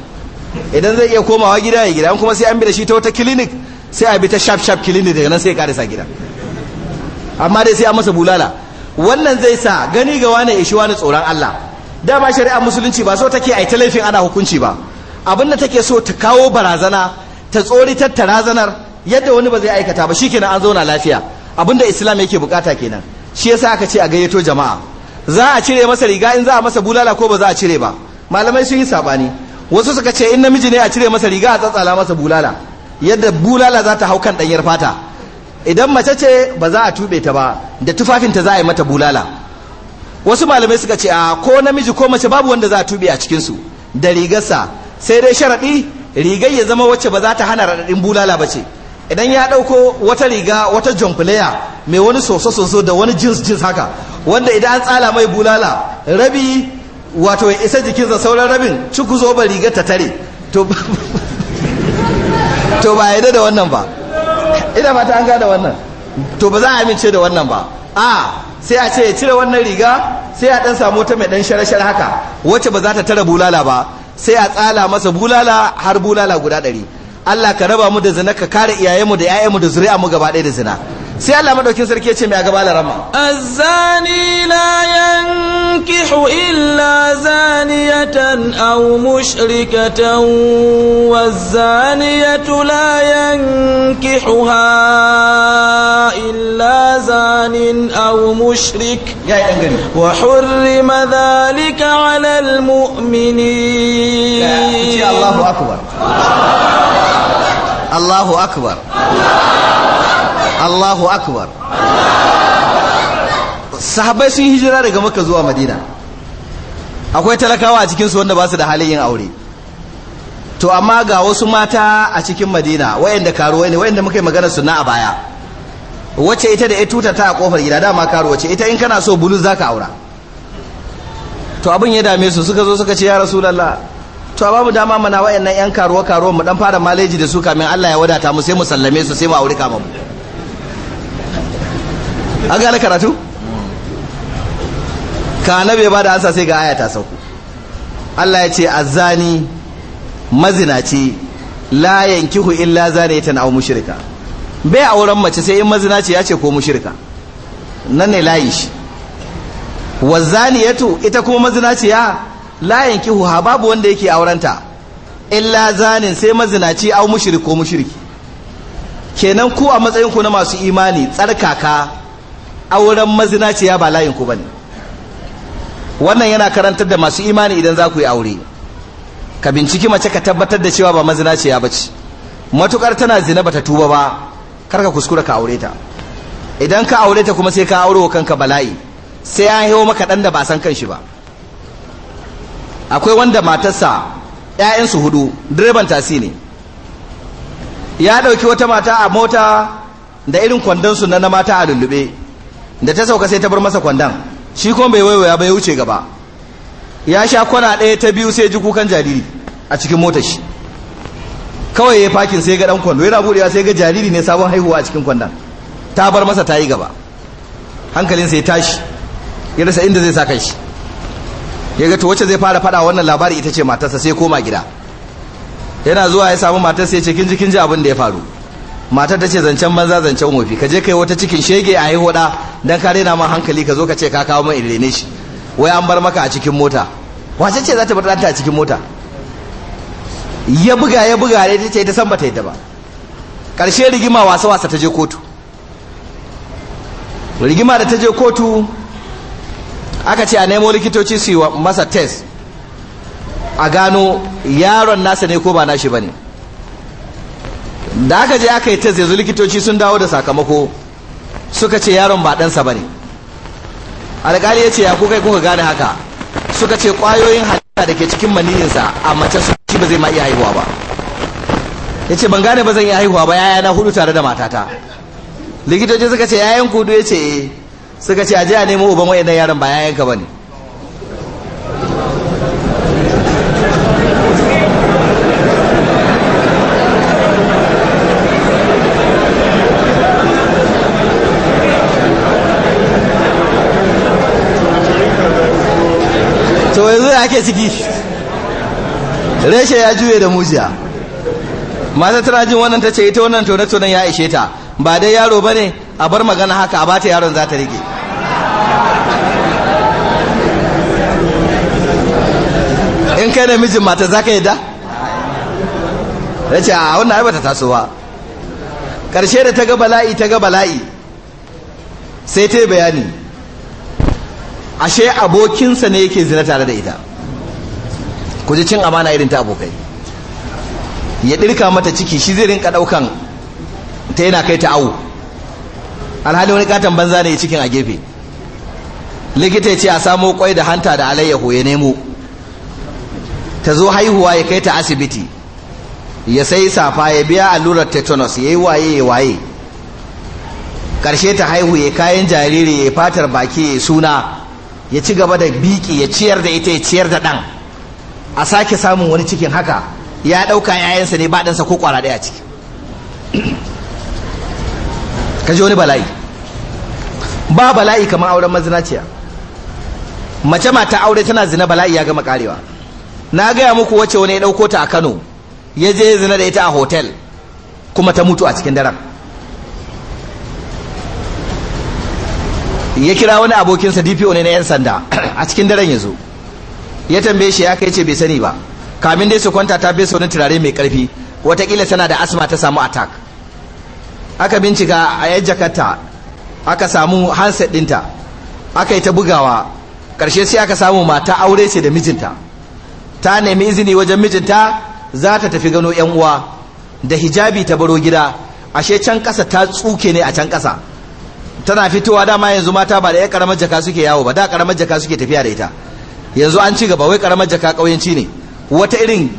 idan zai iya komawa gida ya gida kuma sai an bi da shi ta wata clinic sai a bi ta sharp sharp clinic daga nan sai ya karisa gida amma dai sai a masa bulala wannan zai sa gani ga wani ishi wani tsoron Allah dama shari'a musulunci ba so take ai ta laifin ana hukunci ba abin da take so ta kawo barazana ta tsori tattarazanar yadda wani ba zai aikata ba shikenan an zauna lafiya abin da islam yake bukata kenan shi yasa aka ce a gayyato jama'a za a cire masa riga in za a masa bulala ko ba za a cire ba malamai sun yi sabani wasu suka ce in namiji ne a cire masa riga a tsatsala masa bulala yadda bulala za ta hau kan ɗanyar fata idan mace ce ba za a tuɓe ta ba da tufafinta za a yi mata bulala wasu malamai suka ce a ko namiji ko mace babu wanda za a tubi a cikinsu da rigarsa sai dai sharaɗi rigar ya zama wacce ba za ta hana raɗaɗin bulala ba ce idan ya ɗauko wata riga wata jamfulaya mai wani soso-soso da wani jins jins haka wanda idan an tsala mai bulala rabi wato ya isa jikinsa sauran rabin zo ba rigar ta tare to *laughs* ba yadda da wannan ba ina ta an gada wannan to ba za a amince da wannan ba a sai a ce ya cire wannan riga sai a dan samu wata mai dan sharashar haka wacce ba za ta tara bulala ba sai a tsala masa bulala har bulala guda ɗari Allah ka raba mu da zina ka kare iyayenmu da 'ya'yanmu da zuri'a mu gaba ɗaya da zina sai Allah madaukin sarki ya ce mai gaba larama azani la yankihu illa zaniyatan aw mushrikatan wazaniyatu la yankihuha illa zanin aw mushrik wa hurrima dhalika ala almu'minin Allahu akbar Allahu akbar Allah Allahu akbar sahabai sun hijira daga maka zuwa madina akwai talakawa a cikinsu wanda ba su da halin yin aure to amma ga wasu mata a cikin madina wayanda karuwa ne wayanda muka yi magana su na a baya wacce ita da ya tuta ta a kofar gida dama karuwa ce ita in kana so bulu za ka aura to abin ya dame su suka zo suka ce ya rasu lalla to babu dama mana wayannan yan karuwa karuwa mu dan fara maleji da su kamin Allah ya wadata mu sai mu sallame su sai mu aure kama mu an gane karatu ka annabi ya bada ansa sai ga aya ta sauko Allah ya ce azzani mazinaci la yankihu illa zaniyatan aw mushrika bai auren mace sai in mazinaci ya ce ko mushrika nan ne layi shi wa zaniyatu ita kuma ya layan kihu ha babu wanda yake aurenta illa zanin sai mazinaci au mushrik ko kenan ku a matsayin ku na masu imani tsarkaka auren mazinaciya ba layin ku bane wannan yana karantar da masu imani idan za ku yi aure ka binciki mace ka tabbatar da cewa ba mazinaciya ba ce matukar tana zina bata tuba ba kar ka kuskura ka aure ta idan ka aure ta kuma sai ka aure wa kanka bala'i sai an haihu maka dan da ba san kanshi ba akwai wanda matarsa ƴaƴansu hudu direban tasi ne ya ɗauki wata mata a mota da irin kwandonsu na na mata a lullube da ta sauka sai ta bar masa kwandon shi kuma bai waiwaya ba ya wuce gaba ya sha kwana ɗaya ta biyu sai ji kukan jariri a cikin motar shi kawai ya fakin sai ga dan kwando yana buɗewa sai ga jariri ne sabon haihuwa a cikin kwandon ta bar masa ta yi gaba hankalinsa ya tashi ya rasa inda zai sa kai shi ya ga to wacce zai fara faɗa wannan labari ita ce matarsa sai koma gida yana zuwa ya samu matarsa ya ce kin ji kin ji abin da ya faru matar ta ce zancen banza zancen wofi ka je kai wata cikin shege a haihuwa da dan ka rena man hankali ka zo ka ce ka kawo min irene shi wai an bar maka a cikin mota wace ce za ta bar ɗanta a cikin mota ya buga ya buga ne ta ce ta san bata yadda ba ƙarshe rigima wasa wasa ta je kotu rigima da ta je kotu aka ce a nemo likitoci su yi masa test a gano yaron nasa ne ko ba nashi ba ne da aka je aka yi test yanzu likitoci sun dawo da sakamako suka ce yaron ba ɗansa ba ne alƙali ya ce ya kuka kuka gane haka suka ce ƙwayoyin halitta da ke cikin maniyinsa a mace su shi ba zai ma iya haihuwa ba ya ce ban gane ba zan iya haihuwa ba yaya na hudu tare da matata likitoci suka ce yayan kudu ya ce eh. suka ce a je a nemo uban wayannan yaron ba yayan ba ne to yanzu ya ake ciki reshe ya juye da mujiya mata tana jin wannan ta ce ita wannan tone-tonen ya ishe ta ba dai yaro ba ne a bar magana haka a bata yaron za ta rike in kai namijin mijin mata za ka yi da? ya ce a wannan aibata taso ba ƙarshe da ta ga bala'i ta ga bala'i sai ta yi bayani ashe abokinsa ne yake zina tare da ita ku ji cin amana irin ta abokai ya ɗirka mata ciki shi zai rinka ɗaukan ta yana kai ta awu alhali wani katon banza ne cikin a gefe likita ya ce a samo kwai da hanta da alayyahu ya nemo ta zo haihuwa ya kai ta asibiti ya sai safa ya biya allurar tetanus ya yi waye ya waye ƙarshe ta haihu ya kayan jariri ya fatar baki ya suna ya ci gaba da biki ya ciyar da ita ya ciyar da ɗan a sake samun wani cikin haka ya ɗauka yayansa ne baɗinsa ko ƙwara ɗaya ciki ka ji wani bala'i ba bala'i kamar auren mazinaciya mace mata aure tana zina bala'i ya gama karewa na gaya muku wacce wani ya ɗauko ta a kano ya je zina da ita a hotel kuma ta mutu a cikin daren ya kira wani abokinsa dpo ne na 'yan sanda *clears throat* a cikin daren ya zo ya tambaye shi ya kai ce bai sani ba kamin dai su kwanta ta bai wani turare mai karfi watakila tana da asma ta samu attack aka bincika a yan jakarta aka samu handset dinta aka yi ta bugawa karshe sai aka samu mata aure ce da mijinta ta nemi izini wajen mijinta za ta tafi gano yan uwa da hijabi ta baro gida ashe can kasa ta tsuke ne a can kasa tana fitowa dama yanzu mata ba da ya karamar jaka suke yawo ba da karamar jaka suke tafiya da ita yanzu an ci gaba wai karamar jaka kauyanci ne wata irin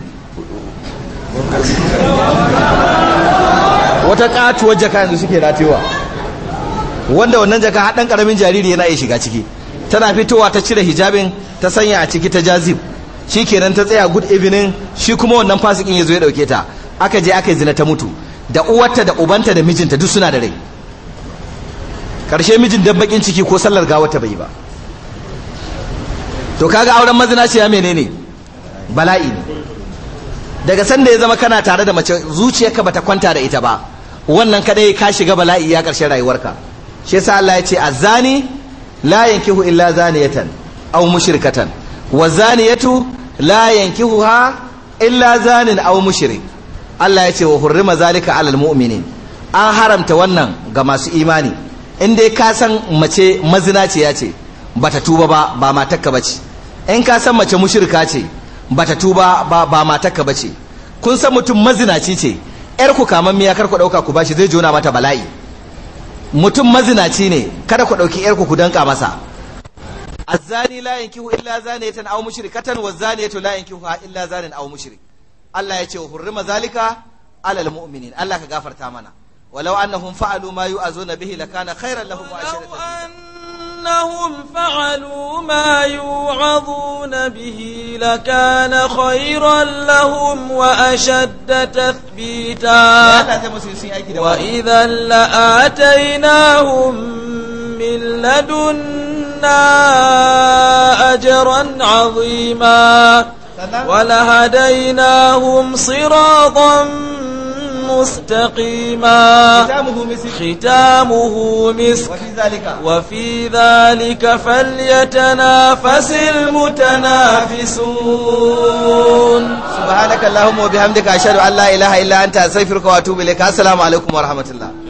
wata katuwar jaka yanzu suke ratewa wanda wannan jaka haɗan karamin jariri yana iya shiga ciki tana fitowa ta cire hijabin ta sanya a ciki ta jazib shi kenan ta tsaya good evening shi kuma wannan fasikin ya zo ya ɗauke ta aka je aka yi zina ta mutu da uwarta da ubanta da mijinta duk suna da rai karshe mijin dabbakin ciki ko sallar gawa ta bai ba to kaga auren mazinaciya menene bala'i ne daga sanda ya zama kana tare da mace zuciyarka bata kwanta da ita ba wannan kadai ka shiga bala'i ya karshen rayuwarka shi yasa Allah ya ce azani la yankihu illa zaniyatan aw mushrikatan wa zaniyatu la ha illa zanin aw mushrik Allah ya ce wa hurrima zalika alal mu'minin an haramta wannan ga masu imani in dai ka san mace mazinaciya ce ta tuba ba ba matakka bace in ka san mace mushirka ce ba ta tuba ba ba matakka bace kun san mutum mazinaci ce yar ku kaman miya kar ku dauka ku bashi zai jona mata bala'i mutum mazinaci ne kada ku dauki yar ku ku danka masa azzani la yankihu illa zaniyatan aw mushrikatan tu la yankihu illa zanin aw mushrik Allah ya ce hurrima zalika alal mu'minin Allah ka gafarta mana ولو أنهم فعلوا ما يؤذون به لكان خيرا لهم وأشد أنهم فعلوا ما يوعظون به لكان خيرا لهم وأشد تثبيتا وإذا لآتيناهم من لدنا أجرا عظيما ولهديناهم صراطا مستقيما ختامه مسك وفي ذلك فليتنافس المتنافسون سبحانك اللهم وبحمدك أشهد أن لا إله إلا أنت أستغفرك وأتوب إليك السلام عليكم ورحمة الله